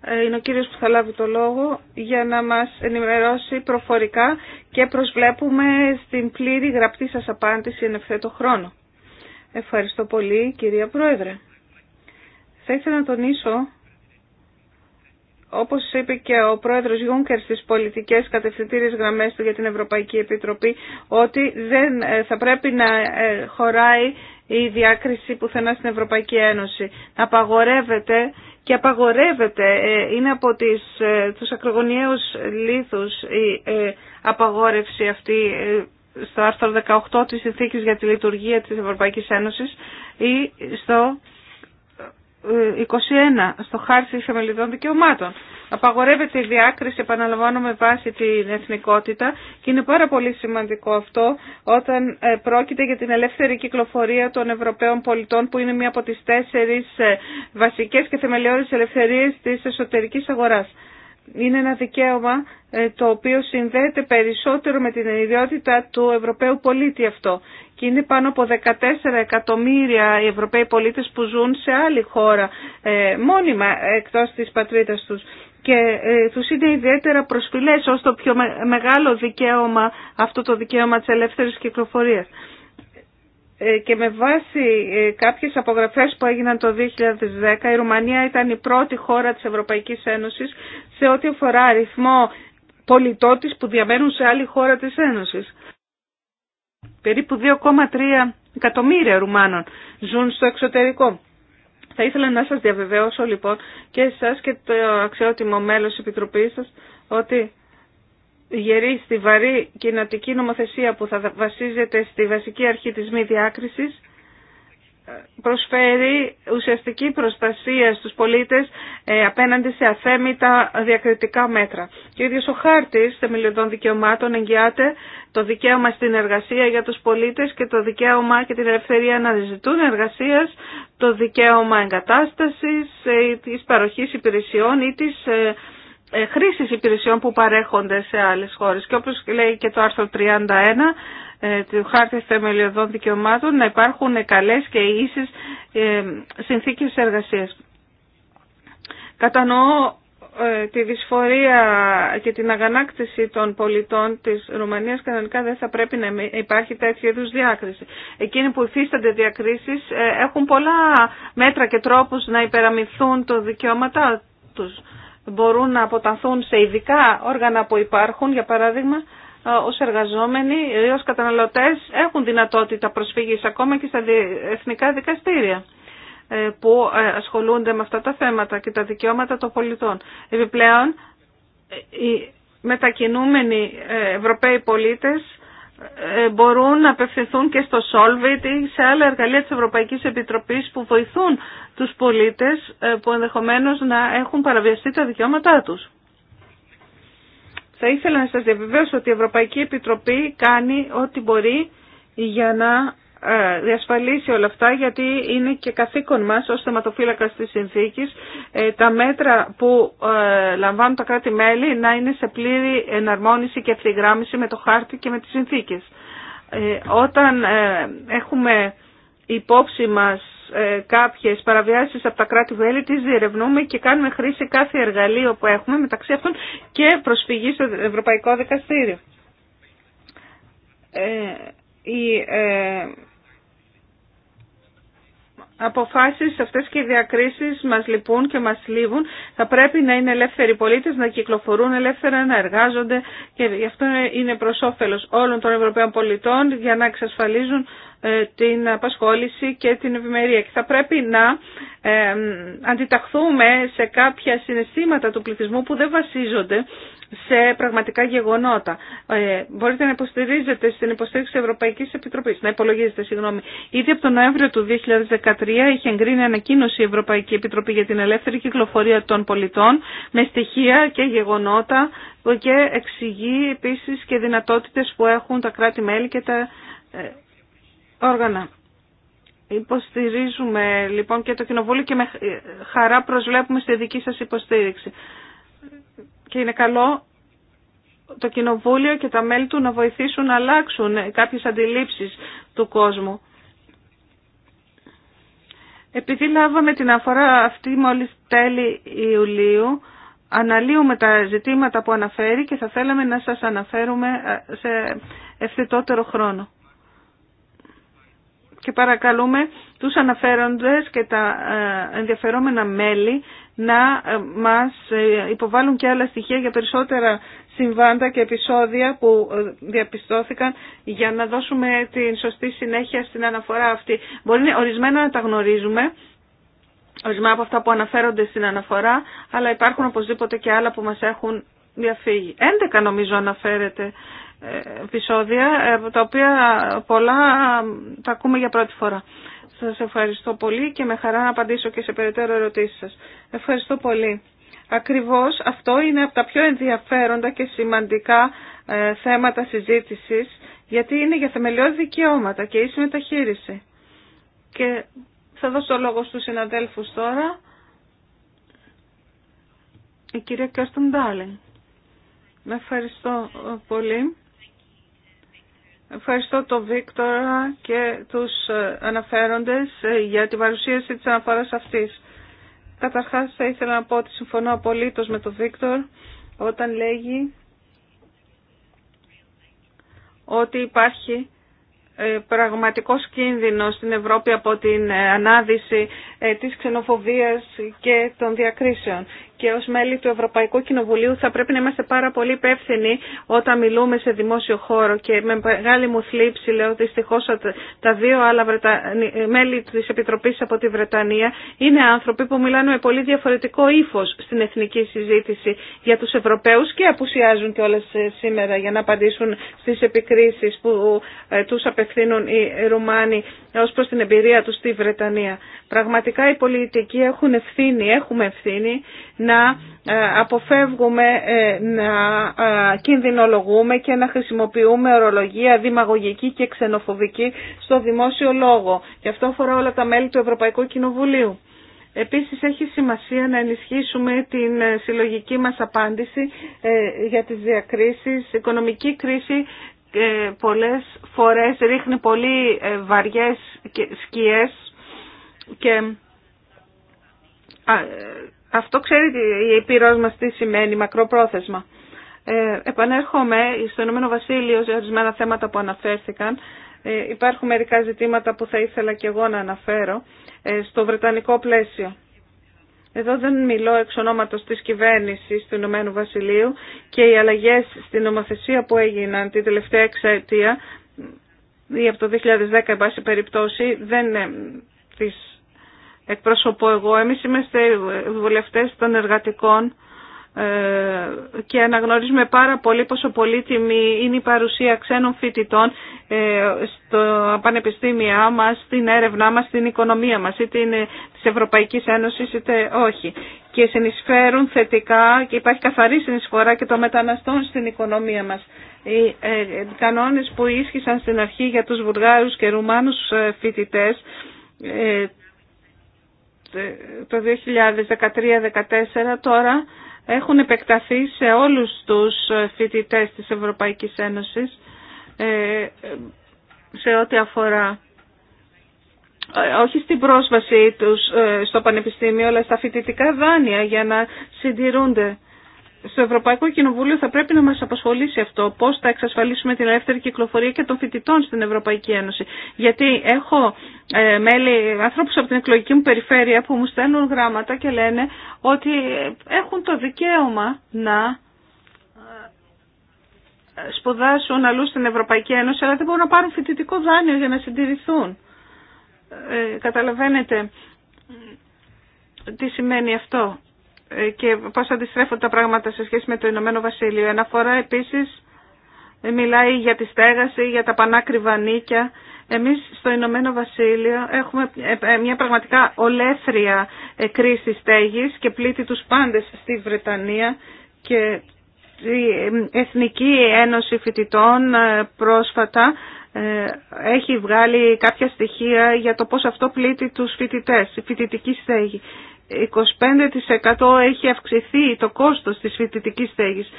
ε, είναι ο κύριος που θα λάβει το λόγο για να μας ενημερώσει προφορικά και προσβλέπουμε στην πλήρη γραπτή σας απάντηση εν ευθέτω χρόνο. Ευχαριστώ πολύ κυρία Πρόεδρε. Θα ήθελα να τονίσω, όπως είπε και ο Πρόεδρος Γιούνκερ στις πολιτικές κατευθυντήριες γραμμές του για την Ευρωπαϊκή Επιτροπή, ότι δεν ε, θα πρέπει να ε, χωράει η διάκριση πουθενά στην Ευρωπαϊκή Ένωση. Να Απαγορεύεται και απαγορεύεται, ε, είναι από τις, τους ακρογωνιαίους λίθους η απαγόρευση αυτή στο άρθρο 18 της Συνθήκης για τη Λειτουργία της Ευρωπαϊκής Ένωσης ή στο 21, ε, στο χάρτη θεμελιδών δικαιωμάτων. Απαγορεύεται η διάκριση, επαναλαμβάνω, με βάση την εθνικότητα και είναι πάρα πολύ σημαντικό αυτό όταν ε, πρόκειται για την ελεύθερη κυκλοφορία των Ευρωπαίων πολιτών που είναι μία από τις τέσσερις ε, βασικές και θεμελιώδεις ελευθερίες της εσωτερικής αγοράς είναι ένα δικαίωμα ε, το οποίο συνδέεται περισσότερο με την ιδιότητα του Ευρωπαίου πολίτη αυτό. Και είναι πάνω από 14 εκατομμύρια οι Ευρωπαίοι πολίτες που ζουν σε άλλη χώρα, ε, μόνιμα εκτός της πατρίδας τους. Και ε, τους είναι ιδιαίτερα προσφυλές ως το πιο μεγάλο δικαίωμα, αυτό το δικαίωμα της ελεύθερης κυκλοφορίας. Ε, και με βάση ε, κάποιες απογραφές που έγιναν το 2010 η Ρουμανία ήταν η πρώτη χώρα της Ευρωπαϊκής Ένωσης σε ό,τι αφορά αριθμό πολιτότης που διαμένουν σε άλλη χώρα της Ένωσης. Περίπου 2,3 εκατομμύρια Ρουμάνων ζουν στο εξωτερικό. Θα ήθελα να σας διαβεβαιώσω λοιπόν και εσάς και το αξιότιμο μέλος της Επιτροπής σας ότι γερή στη βαρύ κοινοτική νομοθεσία που θα βασίζεται στη βασική αρχή της μη διάκρισης προσφέρει ουσιαστική προστασία στους πολίτες ε, απέναντι σε αθέμητα διακριτικά μέτρα. Και ο ίδιος ο χάρτης θεμελιωδών δικαιωμάτων εγγυάται το δικαίωμα στην εργασία για τους πολίτες και το δικαίωμα και την ελευθερία να ζητούν εργασίας, το δικαίωμα εγκατάστασης, ε, της παροχής υπηρεσιών ή της ε, ε, χρήσης υπηρεσιών που παρέχονται σε άλλες χώρες. Και όπως λέει και το άρθρο 31 ε, του Χάρτη Θεμελιωδών Δικαιωμάτων να υπάρχουν καλές και ίσες ε, συνθήκες εργασίας. Κατανοώ τη δυσφορία και την αγανάκτηση των πολιτών της Ρουμανίας κανονικά δεν θα πρέπει να υπάρχει τέτοια είδου διάκριση. Εκείνοι που υφίστανται διακρίσεις έχουν πολλά μέτρα και τρόπους να υπεραμυθούν το δικαιώματά τους μπορούν να αποταθούν σε ειδικά όργανα που υπάρχουν, για παράδειγμα, ε, ω εργαζόμενοι, ω καταναλωτέ έχουν δυνατότητα προσφυγή ακόμα και στα εθνικά δικαστήρια ε, που ε, ασχολούνται με αυτά τα θέματα και τα δικαιώματα των πολιτών. Επιπλέον, οι μετακινούμενοι Ευρωπαίοι πολίτες ε, μπορούν να απευθυνθούν και στο Solvit ή σε άλλα εργαλεία της Ευρωπαϊκής Επιτροπής που βοηθούν τους πολίτες ε, που ενδεχομένως να έχουν παραβιαστεί τα δικαιώματά τους. Θα ήθελα να σας διαβεβαιώσω ότι η Ευρωπαϊκή Επιτροπή κάνει ό,τι μπορεί για να ε, διασφαλίσει όλα αυτά γιατί είναι και καθήκον μας ως θεματοφύλακας της συνθήκης ε, τα μέτρα που ε, λαμβάνουν τα κράτη-μέλη να είναι σε πλήρη εναρμόνιση και ευθυγράμμιση με το χάρτη και με τις συνθήκες. Όταν έχουμε υπόψη μας κάποιες παραβιάσεις από τα κράτη-μέλη, τις διερευνούμε και κάνουμε χρήση κάθε εργαλείο που έχουμε μεταξύ αυτών και προσφυγή στο Ευρωπαϊκό Δικαστήριο οι ε, αποφάσεις αυτές και οι διακρίσεις μας λυπούν και μας λύβουν. Θα πρέπει να είναι ελεύθεροι πολίτες, να κυκλοφορούν ελεύθερα, να εργάζονται και γι' αυτό είναι προς όφελος όλων των Ευρωπαίων πολιτών για να εξασφαλίζουν ε, την απασχόληση και την ευημερία. Και θα πρέπει να ε, αντιταχθούμε σε κάποια συναισθήματα του πληθυσμού που δεν βασίζονται σε πραγματικά γεγονότα. Ε, μπορείτε να υποστηρίζετε στην υποστήριξη της Ευρωπαϊκής Επιτροπής, να υπολογίζετε, συγγνώμη. Ήδη από τον Νοέμβριο του 2013 είχε εγκρίνει ανακοίνωση η Ευρωπαϊκή Επιτροπή για την ελεύθερη κυκλοφορία των πολιτών με στοιχεία και γεγονότα και εξηγεί επίσης και δυνατότητες που έχουν τα κράτη-μέλη και τα ε, όργανα. Υποστηρίζουμε λοιπόν και το Κοινοβούλιο και με ε, χαρά προσβλέπουμε στη δική σας υποστήριξη και είναι καλό το Κοινοβούλιο και τα μέλη του να βοηθήσουν να αλλάξουν κάποιες αντιλήψεις του κόσμου. Επειδή λάβαμε την αφορά αυτή μόλις τέλη Ιουλίου, αναλύουμε τα ζητήματα που αναφέρει και θα θέλαμε να σας αναφέρουμε ε, σε ευθετότερο χρόνο. Και παρακαλούμε τους αναφέροντες και τα ε, ενδιαφερόμενα μέλη να ε, μας ε, υποβάλουν και άλλα στοιχεία για περισσότερα συμβάντα και επεισόδια που ε, διαπιστώθηκαν για να δώσουμε την σωστή συνέχεια στην αναφορά αυτή. Μπορεί ορισμένα να τα γνωρίζουμε, ορισμένα από αυτά που αναφέρονται στην αναφορά, αλλά υπάρχουν οπωσδήποτε και άλλα που μας έχουν διαφύγει. Έντεκα νομίζω αναφέρεται επεισόδια, τα οποία πολλά τα ακούμε για πρώτη φορά. Σας ευχαριστώ πολύ και με χαρά να απαντήσω και σε περαιτέρω ερωτήσεις σας. Ευχαριστώ πολύ. Ακριβώς αυτό είναι από τα πιο ενδιαφέροντα και σημαντικά ε, θέματα συζήτησης γιατί είναι για θεμελιώδη δικαιώματα και ίση μεταχείριση. Και θα δώσω το λόγο στους συναδέλφους τώρα. Η κυρία Κέρστον Ντάλιν. Με ευχαριστώ ε, πολύ. Ευχαριστώ τον Βίκτορα και τους ε, αναφέροντες ε, για την παρουσίαση της αναφοράς αυτής. Καταρχάς θα ήθελα να πω ότι συμφωνώ απολύτως με τον Βίκτορ όταν λέγει ότι υπάρχει ε, πραγματικός κίνδυνος στην Ευρώπη από την ανάδυση της ξενοφοβίας και των διακρίσεων και ως μέλη του Ευρωπαϊκού Κοινοβουλίου θα πρέπει να είμαστε πάρα πολύ υπεύθυνοι όταν μιλούμε σε δημόσιο χώρο και με μεγάλη μου θλίψη λέω δυστυχώς τα δύο άλλα μέλη της Επιτροπής από τη Βρετανία είναι άνθρωποι που μιλάνε με πολύ διαφορετικό ύφο στην εθνική συζήτηση για τους Ευρωπαίους και απουσιάζουν και όλες ε, σήμερα για να απαντήσουν στις επικρίσεις που ε, τους απευθύνουν οι Ρουμάνοι ως προς την εμπειρία τους στη Βρετανία. Πραγματικά οι πολιτικοί έχουν ευθύνη, έχουμε ευθύνη να ε, αποφεύγουμε ε, να ε, κινδυνολογούμε και να χρησιμοποιούμε ορολογία δημαγωγική και ξενοφοβική στο δημόσιο λόγο. Και αυτό αφορά όλα τα μέλη του Ευρωπαϊκού Κοινοβουλίου. Επίσης έχει σημασία να ενισχύσουμε την συλλογική μας απάντηση για τις διακρίσεις. Η οικονομική κρίση πολλές φορές ρίχνει πολύ βαριές σκιές και αυτό ξέρετε η πυρός μα τι σημαίνει μακροπρόθεσμα. Ε, επανέρχομαι στο Ηνωμένο Βασίλειο σε ορισμένα θέματα που αναφέρθηκαν. Ε, υπάρχουν μερικά ζητήματα που θα ήθελα και εγώ να αναφέρω ε, στο βρετανικό πλαίσιο. Εδώ δεν μιλώ εξ ονόματος της κυβέρνησης του Ηνωμένου Βασιλείου και οι αλλαγές στην νομοθεσία που έγιναν την τελευταία εξαετία ή από το 2010 εν πάση περιπτώσει δεν ε, τις εκπροσωπώ εγώ. Εμείς είμαστε βουλευτές των εργατικών ε, και αναγνωρίζουμε πάρα πολύ πόσο πολύτιμη είναι η παρουσία ξένων φοιτητών ε, στο πανεπιστήμια μας, στην έρευνά μας, στην οικονομία μας, είτε είναι της Ευρωπαϊκής Ένωσης είτε όχι. Και συνεισφέρουν θετικά και υπάρχει καθαρή συνεισφορά και των μεταναστών στην οικονομία μας. Οι ε, κανόνες που ίσχυσαν στην αρχή για τους Βουλγάρους και Ρουμάνους φοιτητές ε, το 2013-2014 τώρα έχουν επεκταθεί σε όλους τους φοιτητές της Ευρωπαϊκής Ένωσης ε, σε ό,τι αφορά ε, όχι στην πρόσβαση τους στο πανεπιστήμιο αλλά στα φοιτητικά δάνεια για να συντηρούνται στο Ευρωπαϊκό Κοινοβούλιο θα πρέπει να μας απασχολήσει αυτό, πώς θα εξασφαλίσουμε την ελεύθερη κυκλοφορία και των φοιτητών στην Ευρωπαϊκή Ένωση. Γιατί έχω ε, μέλη, ανθρώπους από την εκλογική μου περιφέρεια που μου στέλνουν γράμματα και λένε ότι έχουν το δικαίωμα να ε, σπουδάσουν αλλού στην Ευρωπαϊκή Ένωση, αλλά δεν μπορούν να πάρουν φοιτητικό δάνειο για να συντηρηθούν. Ε, καταλαβαίνετε τι σημαίνει αυτό. Ε, και πώς αντιστρέφονται τα πράγματα σε σχέση με το Ηνωμένο Βασίλειο. φορά επίσης ε, μιλάει για τη στέγαση, για τα πανάκριβα νίκια. Εμείς στο Ηνωμένο Βασίλειο έχουμε ε, μια πραγματικά ολέθρια κρίση στέγης και πλήττει τους πάντες στη Βρετανία και η Εθνική Ένωση Φοιτητών πρόσφατα έχει βγάλει κάποια στοιχεία για το πώς αυτό πλήττει τους φοιτητές, η φοιτητική στέγη. 25% έχει αυξηθεί το κόστος της φοιτητικής στέγης.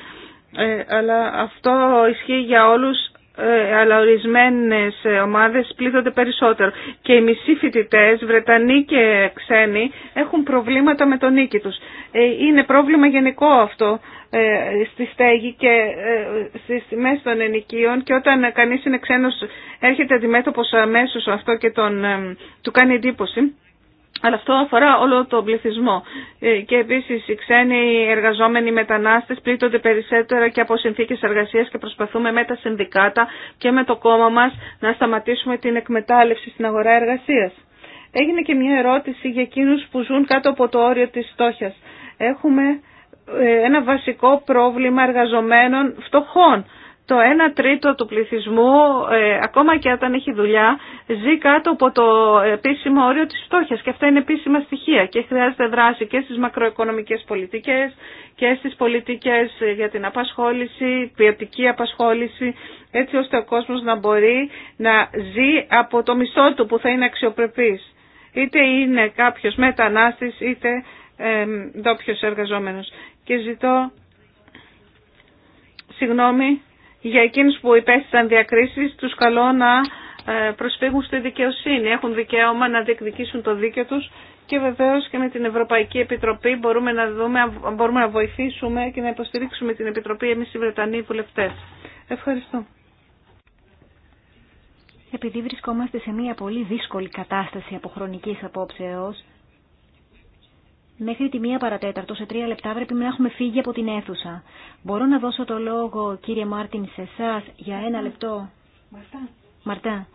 Ε, αλλά αυτό ισχύει για όλους, ε, αλλά ορισμένε ε, ομάδες πλήθονται περισσότερο. Και οι μισοί φοιτητέ, Βρετανοί και ξένοι, έχουν προβλήματα με τον νίκη τους. Ε, είναι πρόβλημα γενικό αυτό ε, στη στέγη και στις τιμές των ενοικίων και όταν κανείς είναι ξένος έρχεται αντιμέτωπος αμέσως αυτό και τον, του κάνει εντύπωση αλλά αυτό αφορά όλο τον πληθυσμό. Ε, και επίσης οι ξένοι εργαζόμενοι μετανάστες πλήττονται περισσότερα και από συνθήκε εργασία και προσπαθούμε με τα συνδικάτα και με το κόμμα μας να σταματήσουμε την εκμετάλλευση στην αγορά εργασία. Έγινε και μια ερώτηση για εκείνους που ζουν κάτω από το όριο της στόχιας. Έχουμε ε, ένα βασικό πρόβλημα εργαζομένων φτωχών το 1 τρίτο του πληθυσμού, ε, ακόμα και όταν έχει δουλειά, ζει κάτω από το επίσημο όριο της φτώχειας και αυτά είναι επίσημα στοιχεία και χρειάζεται δράση και στις μακροοικονομικές πολιτικές και στις πολιτικές για την απασχόληση, ποιοτική απασχόληση, έτσι ώστε ο κόσμος να μπορεί να ζει από το μισό του που θα είναι αξιοπρεπής. Είτε είναι κάποιος μετανάστης είτε ε, ντόπιος εργαζόμενος. Και ζητώ συγγνώμη για εκείνους που υπέστησαν διακρίσεις, τους καλώ να ε, προσφύγουν στη δικαιοσύνη. Έχουν δικαίωμα να διεκδικήσουν το δίκαιο τους και βεβαίως και με την Ευρωπαϊκή Επιτροπή μπορούμε να, δούμε, μπορούμε να βοηθήσουμε και να υποστηρίξουμε την Επιτροπή εμείς οι Βρετανοί βουλευτές. Ευχαριστώ. Επειδή βρισκόμαστε σε μια πολύ δύσκολη κατάσταση από χρονικής απόψεως, Μέχρι τη μία παρατέταρτο, σε τρία λεπτά, πρέπει να έχουμε φύγει από την αίθουσα. Μπορώ να δώσω το λόγο, κύριε Μάρτιν, σε εσά για ένα λεπτό. Μαρτά. Μαρτά.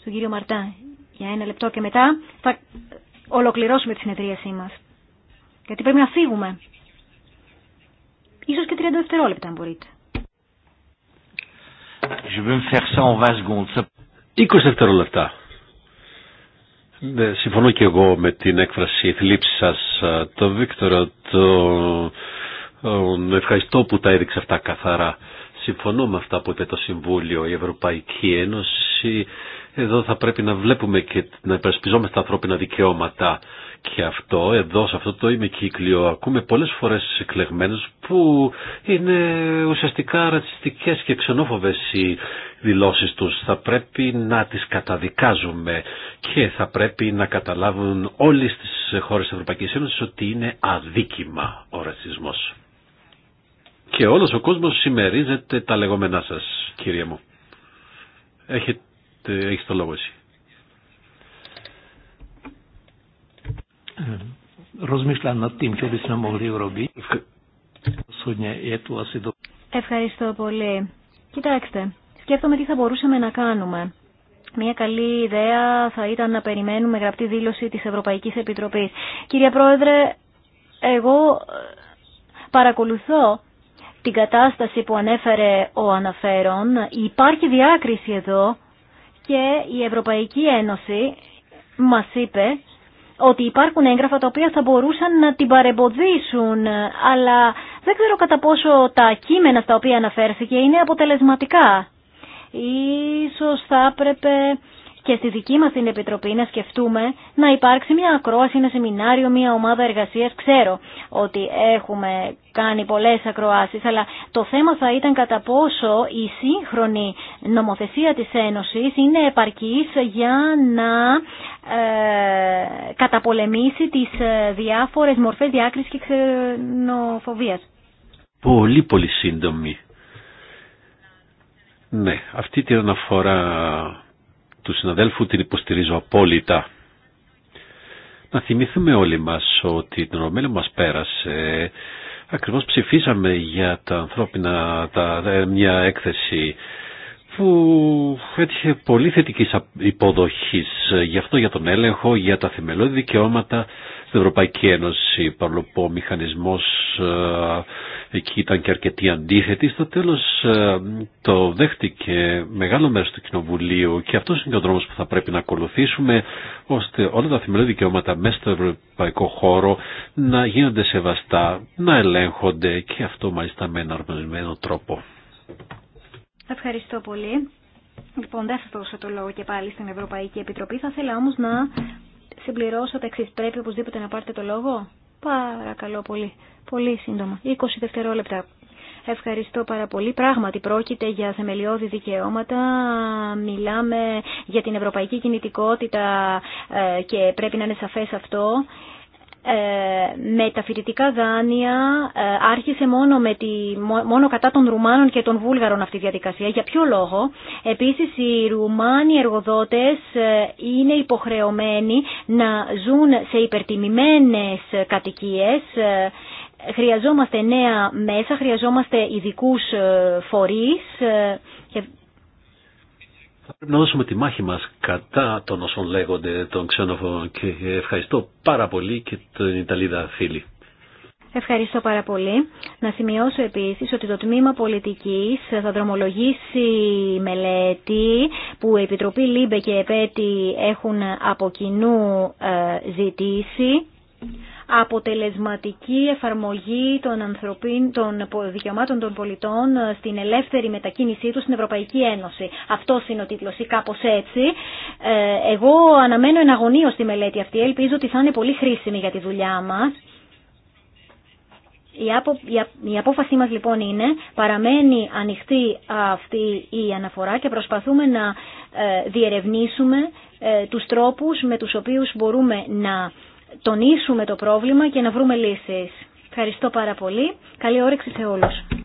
Στον κύριο Μαρτά. Για ένα λεπτό και μετά θα ολοκληρώσουμε τη συνεδρίασή μα. Γιατί πρέπει να φύγουμε. Ίσως και 30 δευτερόλεπτα, αν μπορείτε. 20 δευτερόλεπτα. Ναι, συμφωνώ και εγώ με την έκφραση θλίψη σα, το Βίκτορα, το ευχαριστώ που τα έδειξε αυτά καθαρά. Συμφωνώ με αυτά που είπε το Συμβούλιο, η Ευρωπαϊκή Ένωση εδώ θα πρέπει να βλέπουμε και να υπερασπιζόμαστε τα ανθρώπινα δικαιώματα. Και αυτό, εδώ, σε αυτό το ημικύκλιο, ακούμε πολλές φορές εκλεγμένους που είναι ουσιαστικά ρατσιστικές και ξενόφοβες οι δηλώσεις τους. Θα πρέπει να τις καταδικάζουμε και θα πρέπει να καταλάβουν όλοι στις χώρες της Ευρωπαϊκής Ένωσης ότι είναι αδίκημα ο ρατσισμός. Και όλος ο κόσμος συμμερίζεται τα λεγόμενά σας, κύριε μου. Έχετε ε, έχεις το λόγο εσύ. Ε, Ευχαριστώ πολύ. Κοιτάξτε, σκέφτομαι τι θα μπορούσαμε να κάνουμε. Μια καλή ιδέα θα ήταν να περιμένουμε γραπτή δήλωση της Ευρωπαϊκής Επιτροπής. Κυρία Πρόεδρε, εγώ ε, παρακολουθώ την κατάσταση που ανέφερε ο αναφέρον. Υπάρχει διάκριση εδώ και η Ευρωπαϊκή Ένωση μας είπε ότι υπάρχουν έγγραφα τα οποία θα μπορούσαν να την παρεμποδίσουν, αλλά δεν ξέρω κατά πόσο τα κείμενα στα οποία αναφέρθηκε είναι αποτελεσματικά. Ίσως θα έπρεπε και στη δική μας την Επιτροπή να σκεφτούμε να υπάρξει μια ακρόαση, ένα σεμινάριο, μια ομάδα εργασίας. Ξέρω ότι έχουμε κάνει πολλές ακροάσεις, αλλά το θέμα θα ήταν κατά πόσο η σύγχρονη νομοθεσία της Ένωσης είναι επαρκής για να ε, καταπολεμήσει τις ε, διάφορες μορφές διάκρισης και ξενοφοβίας. Πολύ πολύ σύντομη. Ναι, αυτή την αναφορά του συναδέλφου την υποστηρίζω απόλυτα. Να θυμηθούμε όλοι μας ότι την ολομέλεια μας πέρασε ακριβώς ψηφίσαμε για τα ανθρώπινα, τα, μια έκθεση που έτυχε πολύ θετική υποδοχής γι' αυτό για τον έλεγχο, για τα θεμελώδη δικαιώματα στην Ευρωπαϊκή Ένωση, παρόλο που ο μηχανισμός ε, εκεί ήταν και αρκετή αντίθετη. Στο τέλος ε, το δέχτηκε μεγάλο μέρος του Κοινοβουλίου και αυτός είναι και ο δρόμος που θα πρέπει να ακολουθήσουμε ώστε όλα τα θεμελιώδη δικαιώματα μέσα στο ευρωπαϊκό χώρο να γίνονται σεβαστά, να ελέγχονται και αυτό μάλιστα με ένα αρμονισμένο τρόπο. Ευχαριστώ πολύ. Λοιπόν, δεν θα δώσω το λόγο και πάλι στην Ευρωπαϊκή Επιτροπή. Θα ήθελα όμω να συμπληρώσω τα εξή. Πρέπει οπωσδήποτε να πάρετε το λόγο. Παρακαλώ πολύ. Πολύ σύντομα. 20 δευτερόλεπτα. Ευχαριστώ πάρα πολύ. Πράγματι πρόκειται για θεμελιώδη δικαιώματα. Μιλάμε για την ευρωπαϊκή κινητικότητα ε, και πρέπει να είναι σαφές αυτό. Ε, με τα φοιτητικά δάνεια ε, άρχισε μόνο, με τη, μόνο κατά των Ρουμάνων και των Βούλγαρων αυτή η διαδικασία. Για ποιο λόγο. Επίσης οι Ρουμάνοι εργοδότες ε, είναι υποχρεωμένοι να ζουν σε υπερτιμημένες κατοικίες χρειαζόμαστε νέα μέσα, χρειαζόμαστε ειδικού φορείς πρέπει να δώσουμε τη μάχη μας κατά των όσων λέγονται των ξένοφων και ευχαριστώ πάρα πολύ και την Ιταλίδα φίλη. Ευχαριστώ πάρα πολύ. Να σημειώσω επίσης ότι το Τμήμα Πολιτικής θα δρομολογήσει μελέτη που η Επιτροπή ΛΥΜΠΕ και ΕΠΕΤΗ έχουν από κοινού ε, ζητήσει αποτελεσματική εφαρμογή των, ανθρωπίν, των δικαιωμάτων των πολιτών ε, στην ελεύθερη μετακίνησή τους στην Ευρωπαϊκή Ένωση. Αυτό είναι ο τίτλος ή κάπως έτσι. Ε, εγώ αναμένω εναγωνίως στη μελέτη αυτή. Ελπίζω ότι θα είναι πολύ χρήσιμη για τη δουλειά μας. Η απόφασή μας λοιπόν είναι, παραμένει ανοιχτή αυτή η αναφορά και προσπαθούμε να ε, διερευνήσουμε τους τρόπους με τους οποίους μπορούμε να τονίσουμε το πρόβλημα και να βρούμε λύσεις. Ευχαριστώ πάρα πολύ. Καλή όρεξη σε όλους.